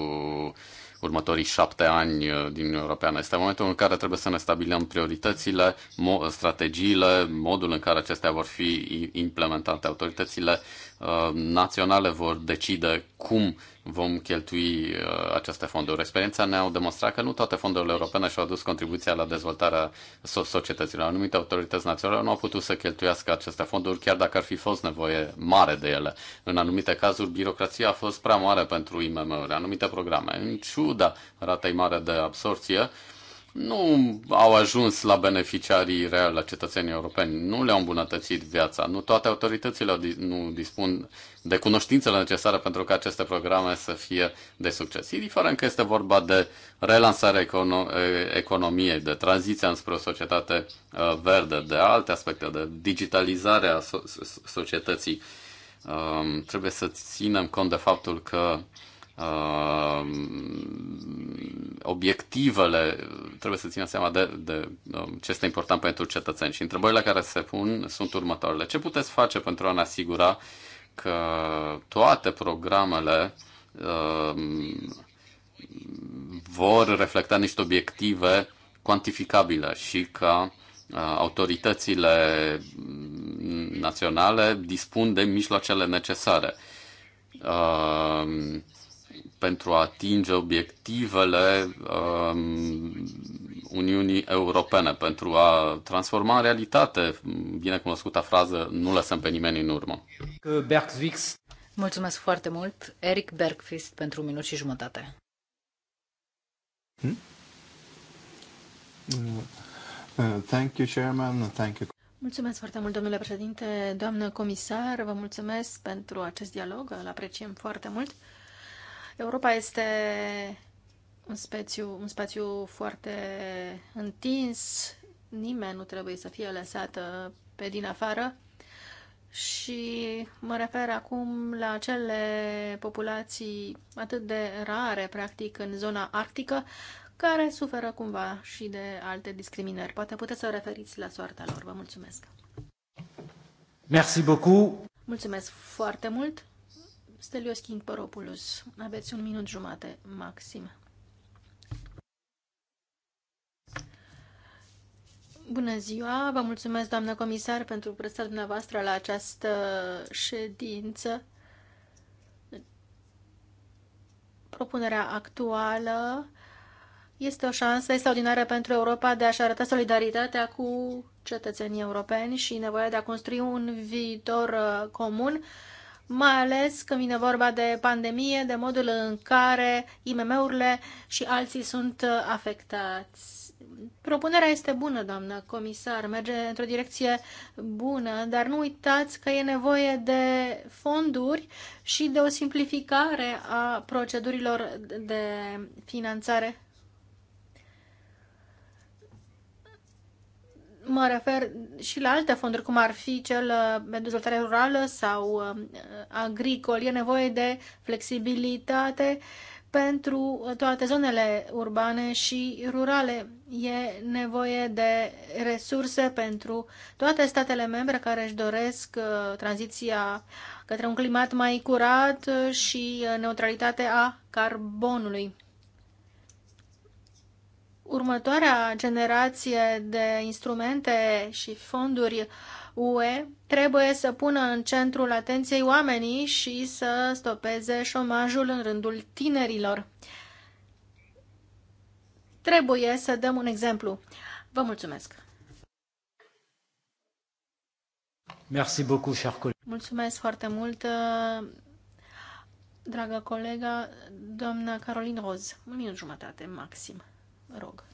următorii șapte ani din Uniunea Europeană. Este momentul în care trebuie să ne stabilim prioritățile, strategiile, modul în care acestea vor fi implementate. Autoritățile Uh, naționale vor decide cum vom cheltui uh, aceste fonduri. Experiența ne-a demonstrat că nu toate fondurile europene și-au adus contribuția la dezvoltarea societăților. Anumite autorități naționale nu au putut să cheltuiască aceste fonduri, chiar dacă ar fi fost nevoie mare de ele. În anumite cazuri, birocrația a fost prea mare pentru IMM-uri, anumite programe. În ciuda ratei mare de absorție, nu au ajuns la beneficiarii reali, la cetățenii europeni, nu le-au îmbunătățit viața, nu toate autoritățile nu dispun de cunoștințele necesare pentru ca aceste programe să fie de succes. Indiferent că este vorba de relansarea econo- economiei, de tranziția înspre o societate verde, de alte aspecte, de digitalizarea societății, trebuie să ținem cont de faptul că Um, obiectivele, trebuie să țină seama de, de um, ce este important pentru cetățeni. Și întrebările care se pun sunt următoarele. Ce puteți face pentru a ne asigura că toate programele uh, vor reflecta niște obiective cuantificabile și că uh, autoritățile naționale dispun de mijloacele necesare? Uh, pentru a atinge obiectivele um, Uniunii Europene, pentru a transforma în realitate bine cunoscuta frază nu lăsăm pe nimeni în urmă. Mulțumesc foarte mult, Eric Bergfist, pentru un minut și jumătate. Hmm? Uh, thank you, Chairman. Thank you. Mulțumesc foarte mult, domnule președinte, doamnă comisar, vă mulțumesc pentru acest dialog, îl apreciem foarte mult. Europa este un spațiu, un spațiu foarte întins, nimeni nu trebuie să fie lăsată pe din afară și mă refer acum la acele populații atât de rare, practic, în zona arctică, care suferă cumva și de alte discriminări. Poate puteți să referiți la soarta lor. Vă mulțumesc! Merci beaucoup! Mulțumesc foarte mult! Stelios Kinkporopoulos. Aveți un minut jumate maxim. Bună ziua! Vă mulțumesc, doamnă comisar, pentru prezența dumneavoastră la această ședință. Propunerea actuală este o șansă extraordinară pentru Europa de a-și arăta solidaritatea cu cetățenii europeni și nevoia de a construi un viitor uh, comun mai ales când vine vorba de pandemie, de modul în care IMM-urile și alții sunt uh, afectați. Propunerea este bună, doamnă comisar, merge într-o direcție bună, dar nu uitați că e nevoie de fonduri și de o simplificare a procedurilor de finanțare mă refer și la alte fonduri, cum ar fi cel de uh, dezvoltare rurală sau uh, agricol. E nevoie de flexibilitate pentru uh, toate zonele urbane și rurale. E nevoie de resurse pentru toate statele membre care își doresc tranziția către un climat mai curat și neutralitatea carbonului următoarea generație de instrumente și fonduri UE trebuie să pună în centrul atenției oamenii și să stopeze șomajul în rândul tinerilor. Trebuie să dăm un exemplu. Vă mulțumesc! Merci beaucoup, cher Mulțumesc foarte mult, dragă colega, doamna Caroline Roz. Un minut jumătate, maxim rog.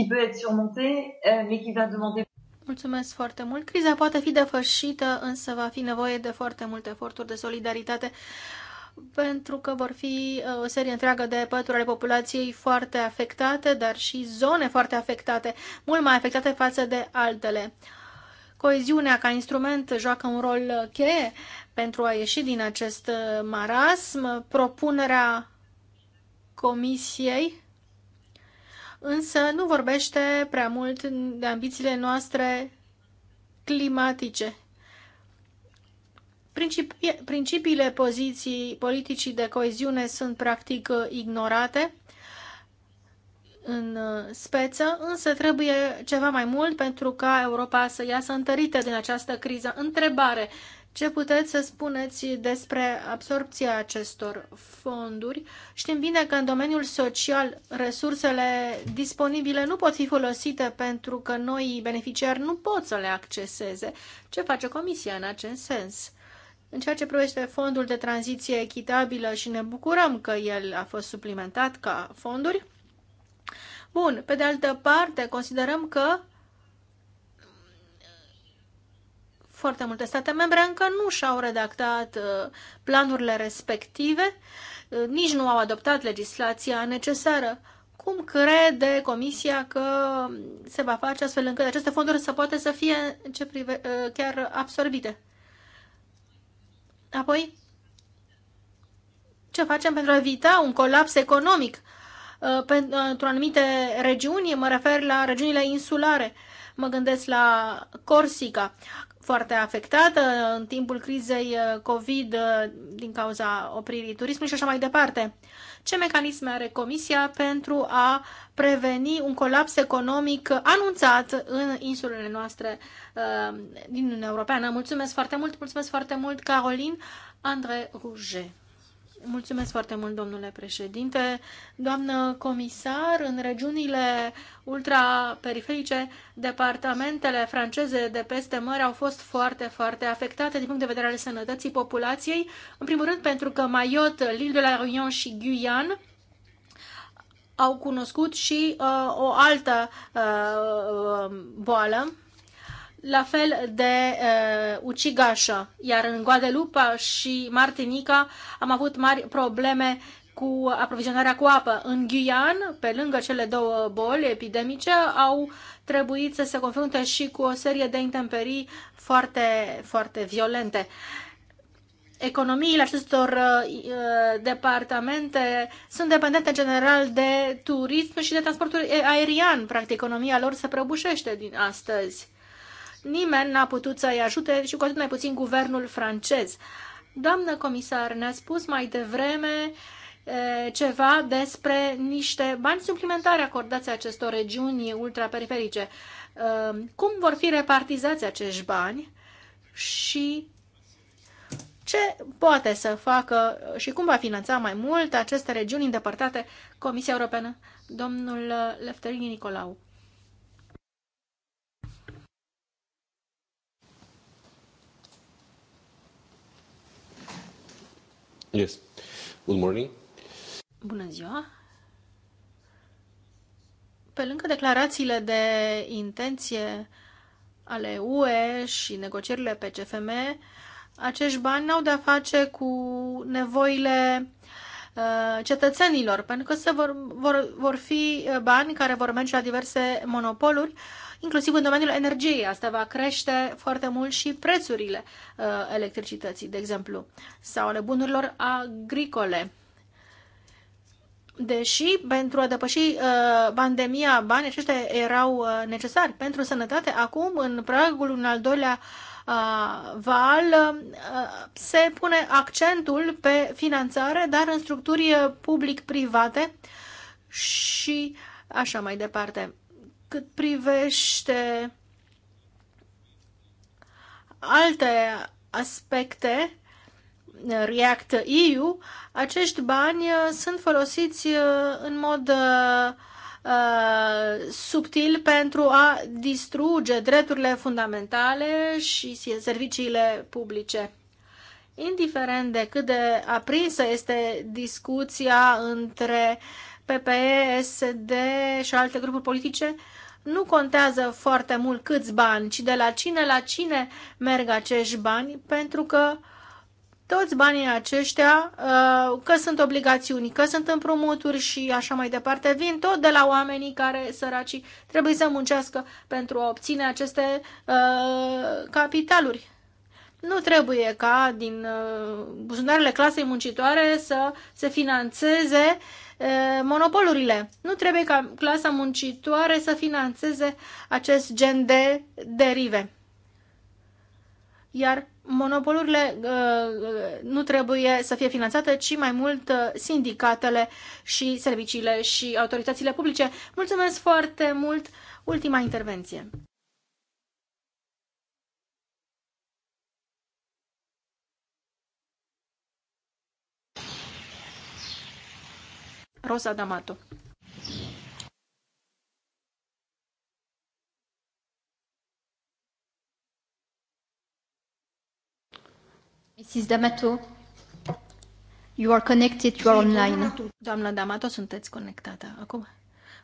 Euh, Mulțumesc foarte mult. Criza poate fi depășită, însă va fi nevoie de foarte multe eforturi de solidaritate pentru că vor fi uh, o serie întreagă de pături ale populației foarte afectate, dar și zone foarte afectate, mult mai afectate față de altele. Coeziunea ca instrument joacă un rol cheie pentru a ieși din acest marasm. Propunerea Comisiei însă nu vorbește prea mult de ambițiile noastre climatice. principiile poziții politicii de coeziune sunt practic ignorate în uh, speță, însă trebuie ceva mai mult pentru ca Europa să iasă întărită din această criză. Întrebare, ce puteți să spuneți despre absorpția acestor fonduri? Știm bine că în domeniul social resursele disponibile nu pot fi folosite pentru că noi beneficiari nu pot să le acceseze. Ce face Comisia în acest sens? În ceea ce privește fondul de tranziție echitabilă și ne bucurăm că el a fost suplimentat ca fonduri, Bun, pe de altă parte, considerăm că foarte multe state membre încă nu și-au redactat uh, planurile respective, uh, nici nu au adoptat legislația necesară. Cum crede Comisia că se va face astfel încât aceste fonduri să poată să fie ce prive, uh, chiar absorbite? Apoi, ce facem pentru a evita un colaps economic? Uh, pentru uh, anumite regiuni, mă refer la regiunile insulare, mă gândesc la Corsica, foarte afectată în timpul crizei uh, COVID din cauza opririi turismului și așa mai departe. Ce mecanisme are Comisia pentru a preveni un colaps economic anunțat în insulele noastre din Uniunea Europeană? Mulțumesc foarte mult, mulțumesc foarte mult, Caroline André Rouget. Mulțumesc foarte mult, domnule președinte. Doamnă comisar, în regiunile ultraperiferice, departamentele franceze de peste mări au fost foarte, foarte afectate din punct de vedere al sănătății populației. În primul rând pentru că Mayotte, l'île de la Réunion și Guyane au cunoscut și uh, o altă uh, uh boală la fel de uh, ucigașă. Iar în Guadelupa și Martinica am avut mari probleme cu aprovizionarea cu apă. În Guian, pe lângă cele două boli epidemice, au trebuit să se confrunte și cu o serie de intemperii foarte, foarte violente. Economiile acestor uh, uh departamente sunt dependente în general de turism și de transportul aerian. Practic, economia lor se prăbușește din astăzi nimeni n-a putut să-i ajute și cu atât mai puțin guvernul francez. Doamnă comisar, ne-a spus mai devreme ceva despre niște bani suplimentari acordați acestor regiuni ultraperiferice. Cum vor fi repartizați acești bani și ce poate să facă și cum va finanța mai mult aceste regiuni îndepărtate Comisia Europeană? Domnul Lefterini Nicolau. Yes. Good morning. Bună ziua. Pe lângă declarațiile de intenție ale UE și negocierile pe CFM, acești bani n-au de-a face cu nevoile uh, cetățenilor, pentru că se vor, vor, vor fi uh, bani care vor merge la diverse monopoluri inclusiv în domeniul energiei. Asta va crește foarte mult și prețurile uh, electricității, de exemplu, sau ale bunurilor agricole. Deși pentru a depăși uh, pandemia, banii aceștia erau uh, necesari pentru sănătate, acum, în pragul un al doilea uh, val, uh, se pune accentul pe finanțare, dar în structuri uh, public-private și așa mai departe. Cât privește alte aspecte, React EU, acești bani uh, sunt folosiți uh, în mod uh, subtil pentru a distruge drepturile fundamentale și serviciile publice. Indiferent de cât de aprinsă este discuția între PPE, SD și alte grupuri politice, uh, nu contează foarte mult câți bani, ci de la cine la cine merg acești bani, pentru că toți banii aceștia, uh, că sunt obligațiuni, că sunt împrumuturi și așa mai departe, vin tot de la oamenii care, săracii, trebuie să muncească pentru a obține aceste uh, capitaluri nu trebuie ca din uh, buzunarele clasei muncitoare să se financeze uh, monopolurile. Nu trebuie ca clasa muncitoare să financeze acest gen de derive. Iar monopolurile uh, nu trebuie să fie finanțate, ci mai mult sindicatele și serviciile și autoritățile publice. Mulțumesc foarte mult! Ultima intervenție. Rosa D'Amato. Mrs. D'Amato, you are connected, you are online. Doamna D'Amato, sunteți conectată acum.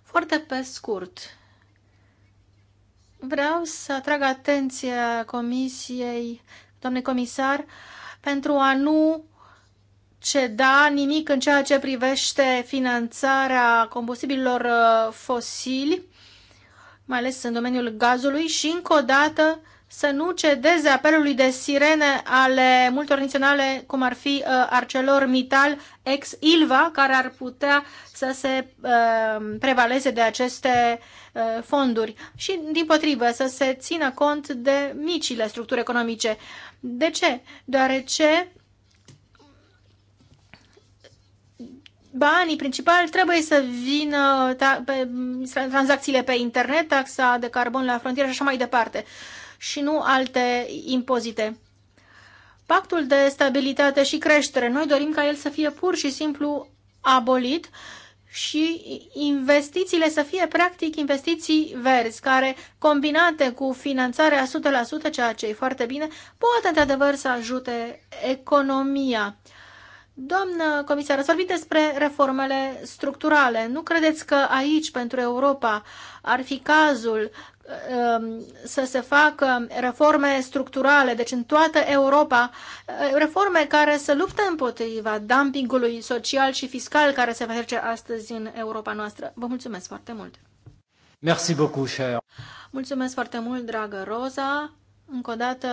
Foarte pe scurt, vreau să atrag atenția Comisiei, doamne comisar, pentru a nu ceda nimic în ceea ce privește finanțarea combustibililor uh, fosili, mai ales în domeniul gazului, și încă o dată să nu cedeze apelului de sirene ale multor naționale, cum ar fi uh, ArcelorMittal, ex-Ilva, care ar putea să se uh, prevaleze de aceste fonduri și, din potrivă, să se țină cont de micile structuri economice. De ce? Deoarece banii principali trebuie să vină ta, pe, tranzacțiile pe internet, taxa de carbon la frontieră și așa mai departe, și nu alte impozite. Pactul de stabilitate și creștere, noi dorim ca el să fie pur și simplu abolit și investițiile să fie practic investiții verzi, care combinate cu finanțarea 100%, ceea ce e foarte bine, pot într-adevăr să ajute economia. Doamnă comisar, ați vorbit despre reformele structurale. Nu credeți că aici, pentru Europa, ar fi cazul um, să se facă reforme structurale, deci în toată Europa, uh, reforme care să lupte împotriva dumpingului social și fiscal care se face astăzi în Europa noastră. Vă mulțumesc foarte mult! Merci beaucoup, cher. Mulțumesc foarte mult, dragă Roza. Încă o dată,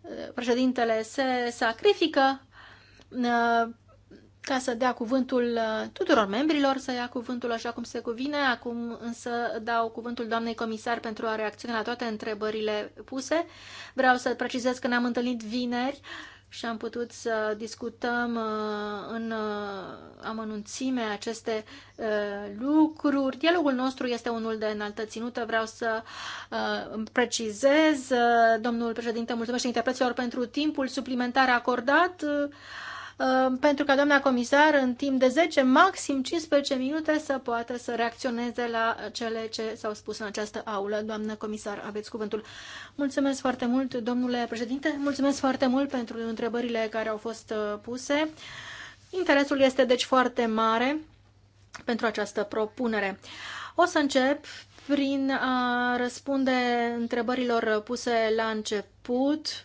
uh, președintele se sacrifică Uh, ca să dea cuvântul uh, tuturor membrilor, să ia cuvântul așa cum se cuvine. Acum însă dau cuvântul doamnei comisar pentru a reacționa la toate întrebările puse. Vreau să precizez că ne-am întâlnit vineri și am putut să discutăm uh, în amănunțime aceste lucruri. Dialogul nostru este unul de înaltă ținută. Vreau să precizez. Domnul președinte, mulțumesc interpreților pentru timpul suplimentar acordat. Ehm, pentru ca doamna comisar în timp de 10, maxim 15 minute să poată să reacționeze la cele ce s-au spus în această aulă. Doamna comisar, aveți cuvântul. Mulțumesc foarte mult, domnule președinte, mulțumesc foarte mult pentru întrebările care au fost uh, puse. Interesul este deci foarte mare pentru această propunere. O să încep prin a răspunde întrebărilor puse la început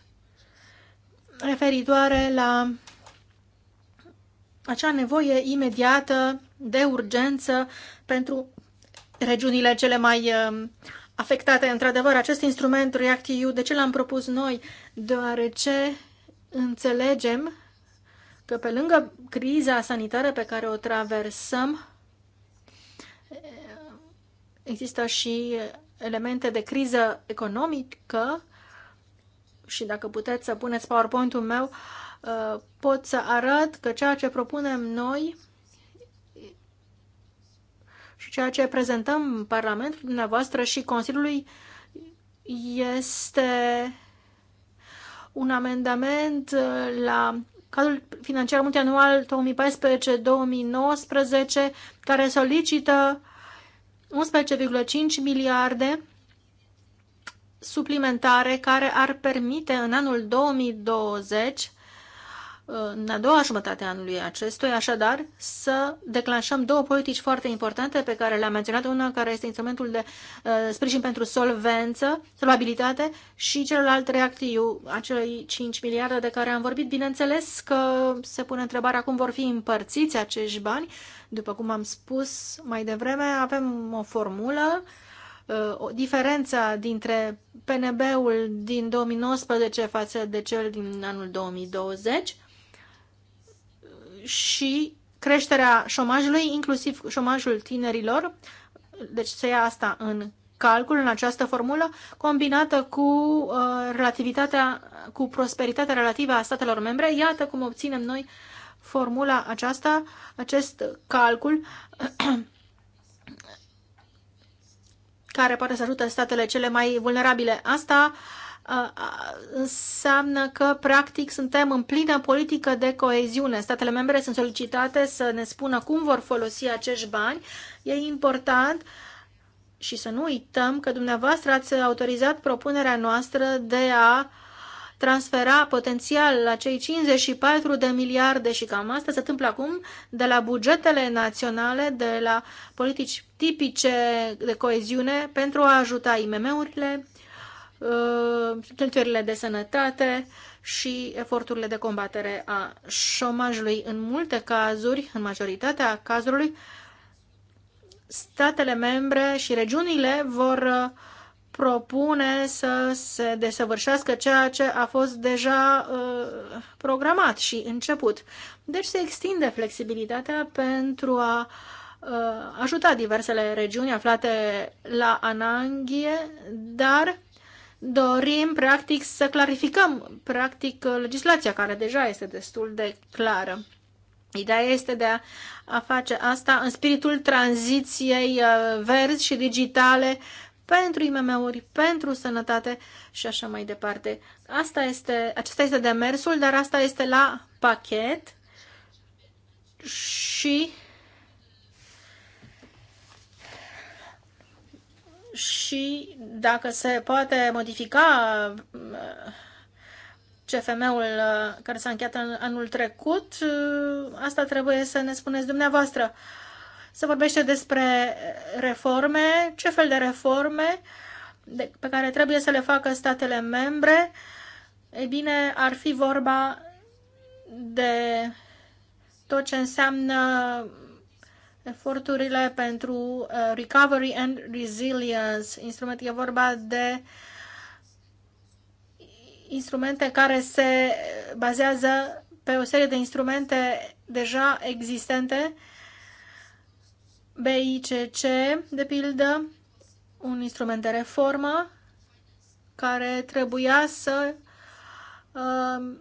referitoare la acea nevoie imediată de urgență pentru regiunile cele mai um, afectate. Într-adevăr, acest instrument REACT-EU, de ce l-am propus noi? Deoarece înțelegem că pe lângă criza sanitară pe care o traversăm, există și elemente de criză economică și dacă puteți să puneți PowerPoint-ul meu, uh, Uh, pot să arăt că ceea ce propunem noi și ceea ce prezentăm Parlamentului dumneavoastră și Consiliului este un amendament uh, la cadrul financiar multianual 2014-2019 care solicită 11,5 miliarde suplimentare care ar permite în anul 2020 în a doua jumătate a anului acestui, așadar să declanșăm două politici foarte importante pe care le-am menționat, una care este instrumentul de uh, sprijin pentru solvență, solvabilitate și celălalt reactiu, acelei 5 miliarde de care am vorbit. Bineînțeles că se pune întrebarea cum vor fi împărțiți acești bani. După cum am spus mai devreme, avem o formulă uh, o diferență dintre PNB-ul din 2019 față de cel din anul 2020 și creșterea șomajului, inclusiv șomajul tinerilor, deci să ia asta în calcul, în această formulă, combinată cu uh, relativitatea, cu prosperitatea relativă a statelor membre. Iată cum obținem noi formula aceasta, acest calcul care poate să ajute statele cele mai vulnerabile. Asta uh, înseamnă că, practic, suntem în plină politică de coeziune. Statele membre sunt solicitate să ne spună cum vor folosi acești bani. E important și să nu uităm că dumneavoastră ați autorizat propunerea noastră de a transfera potențial la cei 54 de miliarde și cam asta se întâmplă acum de la bugetele naționale, de la politici tipice de coeziune pentru a ajuta IMM-urile, Uh, cheltuierile de sănătate și eforturile de combatere a șomajului. În multe cazuri, în majoritatea cazurilor, statele membre și regiunile vor uh, propune să se desăvârșească ceea ce a fost deja uh, programat și început. Deci se extinde flexibilitatea pentru a uh, ajuta diversele regiuni aflate la ananghie, dar dorim, practic, să clarificăm, practic, legislația care deja este destul de clară. Ideea este de a, a face asta în spiritul tranziției uh, verzi și digitale pentru IMM-uri, pentru sănătate și așa mai departe. Asta este, acesta este demersul, dar asta este la pachet și și dacă se poate modifica uh, CFM-ul uh, care s-a încheiat în anul trecut, uh, asta trebuie să ne spuneți dumneavoastră. Se vorbește despre reforme, ce fel de reforme pe care trebuie să le facă statele membre. Ei bine, ar fi vorba de tot ce înseamnă eforturile pentru uh, Recovery and Resilience instrument. E vorba de instrumente care se bazează pe o serie de instrumente deja existente, BICC, de pildă, un instrument de reformă care trebuia să uh,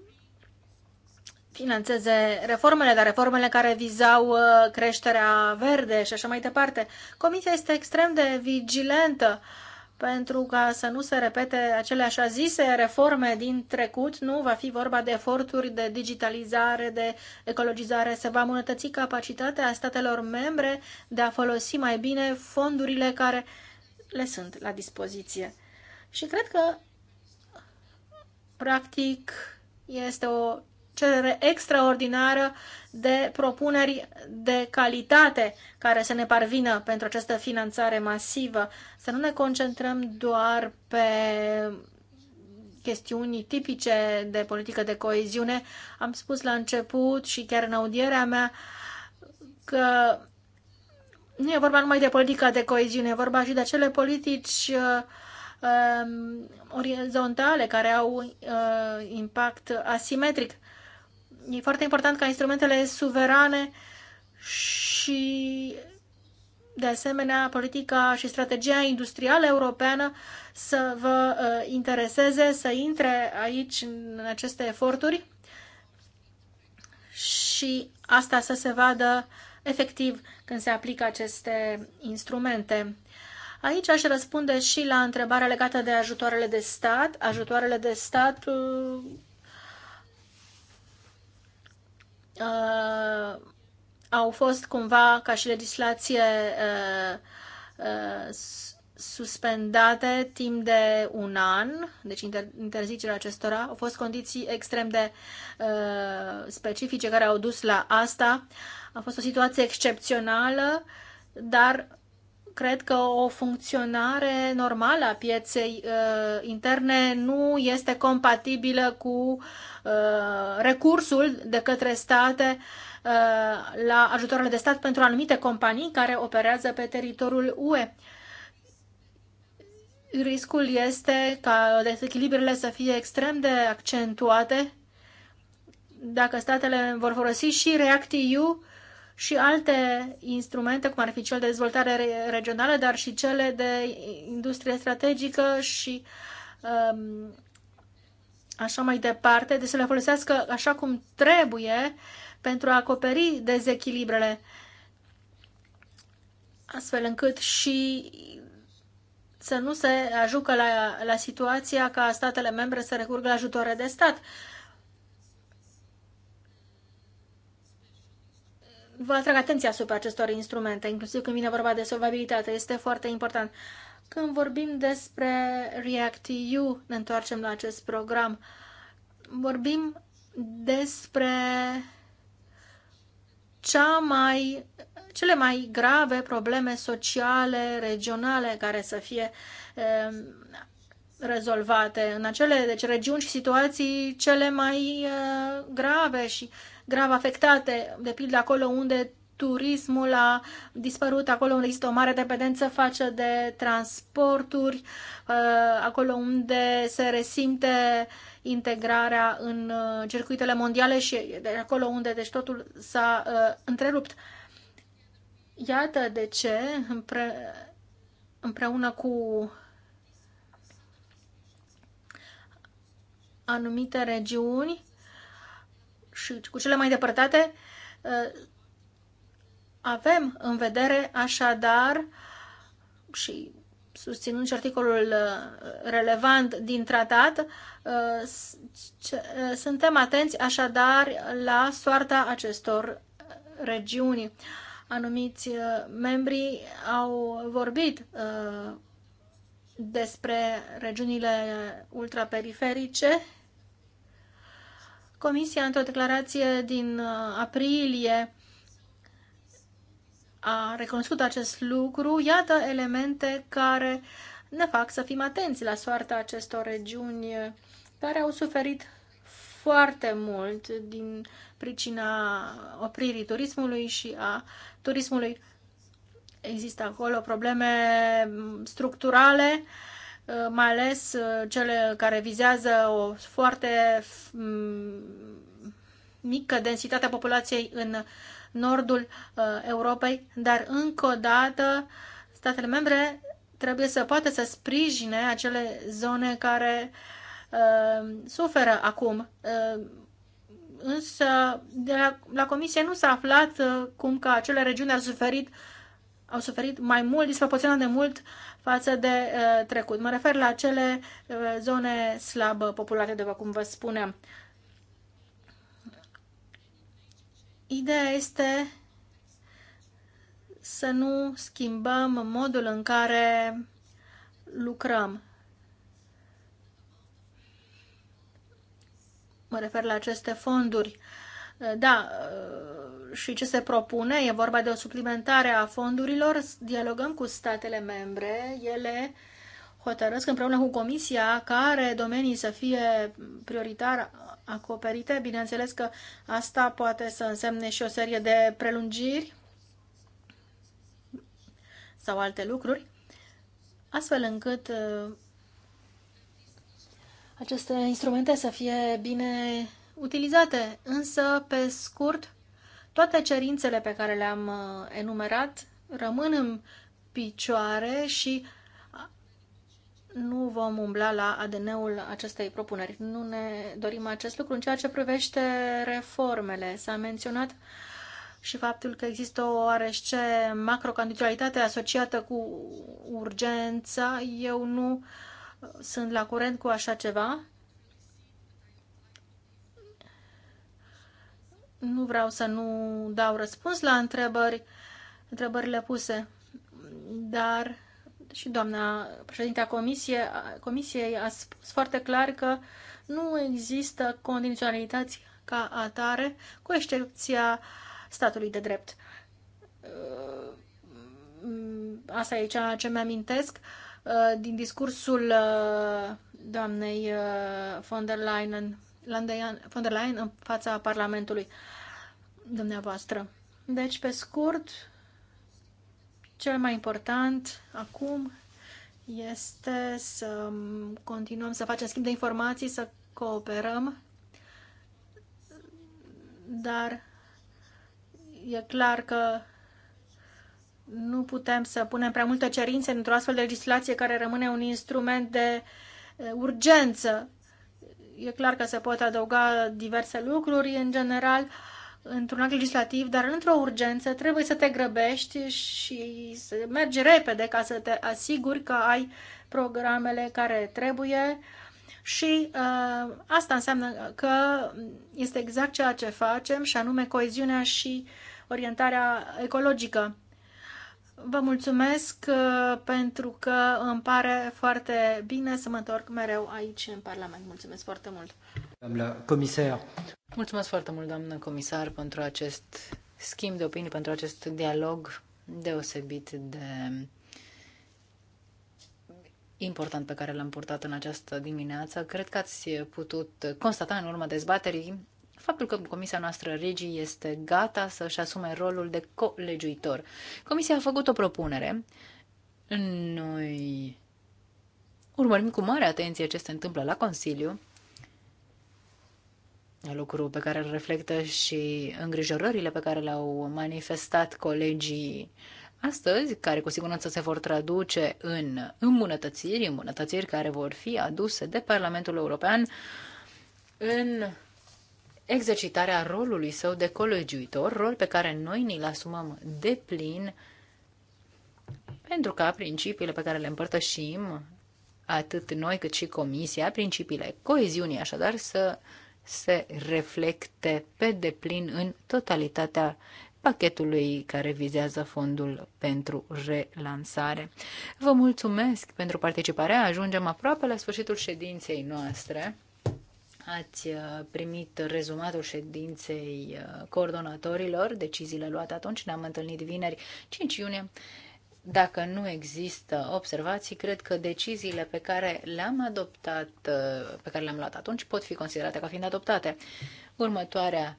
financeze reformele, dar reformele care vizau uh, creșterea verde și așa mai departe. Comisia este extrem de vigilentă pentru ca să nu se repete acele așa zise reforme din trecut, nu va fi vorba de eforturi de digitalizare, de ecologizare, se va îmbunătăți capacitatea statelor membre de a folosi mai bine fondurile care le sunt la dispoziție. Și cred că, practic, este o cerere extraordinară de propuneri de calitate care să ne parvină pentru această finanțare masivă. Să nu ne concentrăm doar pe chestiuni tipice de politică de coeziune. Am spus la început și chiar în audierea mea că nu e vorba numai de politica de coeziune, e vorba și de acele politici uh, um, orizontale care au uh, impact asimetric E foarte important ca instrumentele suverane și, de asemenea, politica și strategia industrială europeană să vă uh, intereseze, să intre aici în aceste eforturi și asta să se vadă efectiv când se aplică aceste instrumente. Aici aș răspunde și la întrebarea legată de ajutoarele de stat. Ajutoarele de stat uh, uh, au fost cumva ca și legislație uh, uh, suspendate timp de un an, deci interzicerea acestora, au fost condiții extrem de uh, specifice care au dus la asta. A fost o situație excepțională, dar cred că o funcționare normală a pieței uh, interne nu este compatibilă cu uh, recursul de către state uh, la ajutoarele de stat pentru anumite companii care operează pe teritoriul UE. Riscul este ca dezechilibrele să fie extrem de accentuate dacă statele vor folosi și React-EU și alte instrumente, cum ar fi cel de dezvoltare regională, dar și cele de industrie strategică și um, așa mai departe, de deci să le folosească așa cum trebuie pentru a acoperi dezechilibrele, astfel încât și să nu se ajucă la, la situația ca statele membre să recurgă la ajutoare de stat. Uh, vă atrag atenția asupra acestor instrumente, inclusiv când vine vorba de solvabilitate, este foarte important. Când vorbim despre react ne întoarcem la acest program, vorbim despre cea mai, cele mai grave probleme sociale, regionale, care să fie rezolvate în acele deci, regiuni și situații cele mai uh, grave și grav afectate, de pildă acolo unde turismul a dispărut, acolo unde există o mare dependență față de transporturi, uh, acolo unde se resimte integrarea în uh, circuitele mondiale și de acolo unde deci totul s-a uh, întrerupt. Iată de ce împre- împreună cu anumite regiuni și cu cele mai depărtate, uh, avem în vedere așadar și susținând și articolul uh, relevant din tratat, uh, suntem atenți așadar la soarta acestor regiuni. Anumiți membri au vorbit despre regiunile ultraperiferice Comisia, într-o declarație din uh, aprilie, a recunoscut acest lucru. Iată elemente care ne fac să fim atenți la soarta acestor regiuni care au suferit foarte mult din pricina opririi turismului și a turismului. Există acolo probleme structurale Uh, mai ales uh, cele care vizează o foarte mică densitate a populației în nordul uh, Europei, dar încă o dată statele membre trebuie să poată să sprijine acele zone care uh, suferă acum. Uh, însă de la, la Comisie nu s-a aflat uh, cum că acele regiuni au suferit au suferit mai mult, disproporționat de mult față de uh, trecut. Mă refer la acele uh, zone slab populate, după cum vă spuneam. Ideea este să nu schimbăm modul în care lucrăm. Mă refer la aceste fonduri. Uh, da, uh, și ce se propune, e vorba de o suplimentare a fondurilor, dialogăm cu statele membre, ele hotărăsc împreună cu Comisia care domenii să fie prioritar acoperite. Bineînțeles că asta poate să însemne și o serie de prelungiri sau alte lucruri, astfel încât uh, aceste instrumente să fie bine utilizate, însă, pe scurt, toate cerințele pe care le-am uh, enumerat rămân în picioare și nu vom umbla la ADN-ul acestei propuneri. Nu ne dorim acest lucru. În ceea ce privește reformele, s-a menționat și faptul că există o oarește macrocondiționalitate asociată cu urgența. Eu nu uh, sunt la curent cu așa ceva Nu vreau să nu dau răspuns la întrebări, întrebările puse, dar și doamna președinta comisie, comisiei a spus foarte clar că nu există condiționalități ca atare, cu excepția statului de drept. Uh, asta e ceea ce mi-amintesc uh, din discursul uh, doamnei von der Leyen von der Leyen în fața Parlamentului dumneavoastră. Deci, pe scurt, cel mai important acum este să continuăm să facem schimb de informații, să cooperăm, dar e clar că nu putem să punem prea multe cerințe într-o astfel de legislație care rămâne un instrument de uh, urgență E clar că se pot adăuga diverse lucruri în general într-un act legislativ, dar într-o urgență trebuie să te grăbești și să mergi repede ca să te asiguri că ai programele care trebuie și uh, asta înseamnă că este exact ceea ce facem și anume coeziunea și orientarea ecologică. Vă mulțumesc uh, pentru că îmi pare foarte bine să mă întorc mereu aici în Parlament. Mulțumesc foarte mult. Doamna comisar. Mulțumesc foarte mult, doamnă comisar, pentru acest schimb de opinii, pentru acest dialog deosebit de important pe care l-am purtat în această dimineață. Cred că ați putut constata în urma dezbaterii faptul că Comisia noastră Regii este gata să-și asume rolul de colegiuitor. Comisia a făcut o propunere. Noi urmărim cu mare atenție ce se întâmplă la Consiliu, lucru pe care îl reflectă și îngrijorările pe care le-au manifestat colegii astăzi, care cu siguranță se vor traduce în îmbunătățiri, îmbunătățiri care vor fi aduse de Parlamentul European în exercitarea rolului său de colegiuitor, rol pe care noi ni-l asumăm de plin, pentru ca principiile pe care le împărtășim, atât noi cât și Comisia, principiile coeziunii așadar, să se reflecte pe deplin în totalitatea pachetului care vizează fondul pentru relansare. Vă mulțumesc pentru participare. Ajungem aproape la sfârșitul ședinței noastre. Ați uh, primit rezumatul ședinței uh, coordonatorilor, deciziile luate atunci, ne-am întâlnit vineri 5 iunie. Dacă nu există observații, cred că deciziile pe care le-am adoptat, uh, pe care le-am luat atunci, pot fi considerate ca fiind adoptate. Următoarea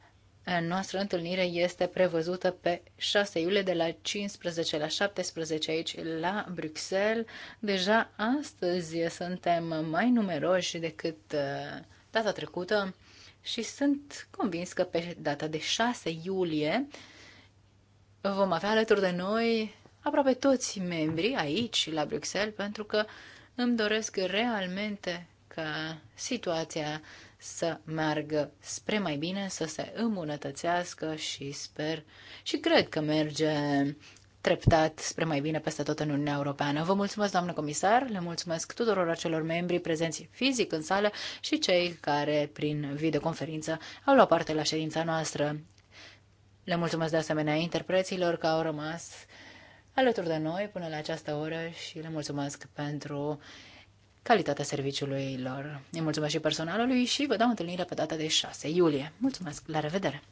noastră întâlnire este prevăzută pe 6 iulie de la 15 la 17 aici la Bruxelles. Deja astăzi suntem mai numeroși decât data trecută și sunt convins că pe data de 6 iulie vom avea alături de noi aproape toți membrii aici, la Bruxelles, pentru că îmi doresc realmente ca situația să meargă spre mai bine, să se îmbunătățească și sper și cred că merge treptat spre mai bine peste tot în Uniunea Europeană. Vă mulțumesc, doamnă comisar, le mulțumesc tuturor acelor membri prezenți fizic în sală și cei care, prin videoconferință, au luat parte la ședința noastră. Le mulțumesc de asemenea interpreților că au rămas alături de noi până la această oră și le mulțumesc pentru calitatea serviciului lor. Îi mulțumesc și personalului și vă dau întâlnire pe data de 6 iulie. Mulțumesc, la revedere!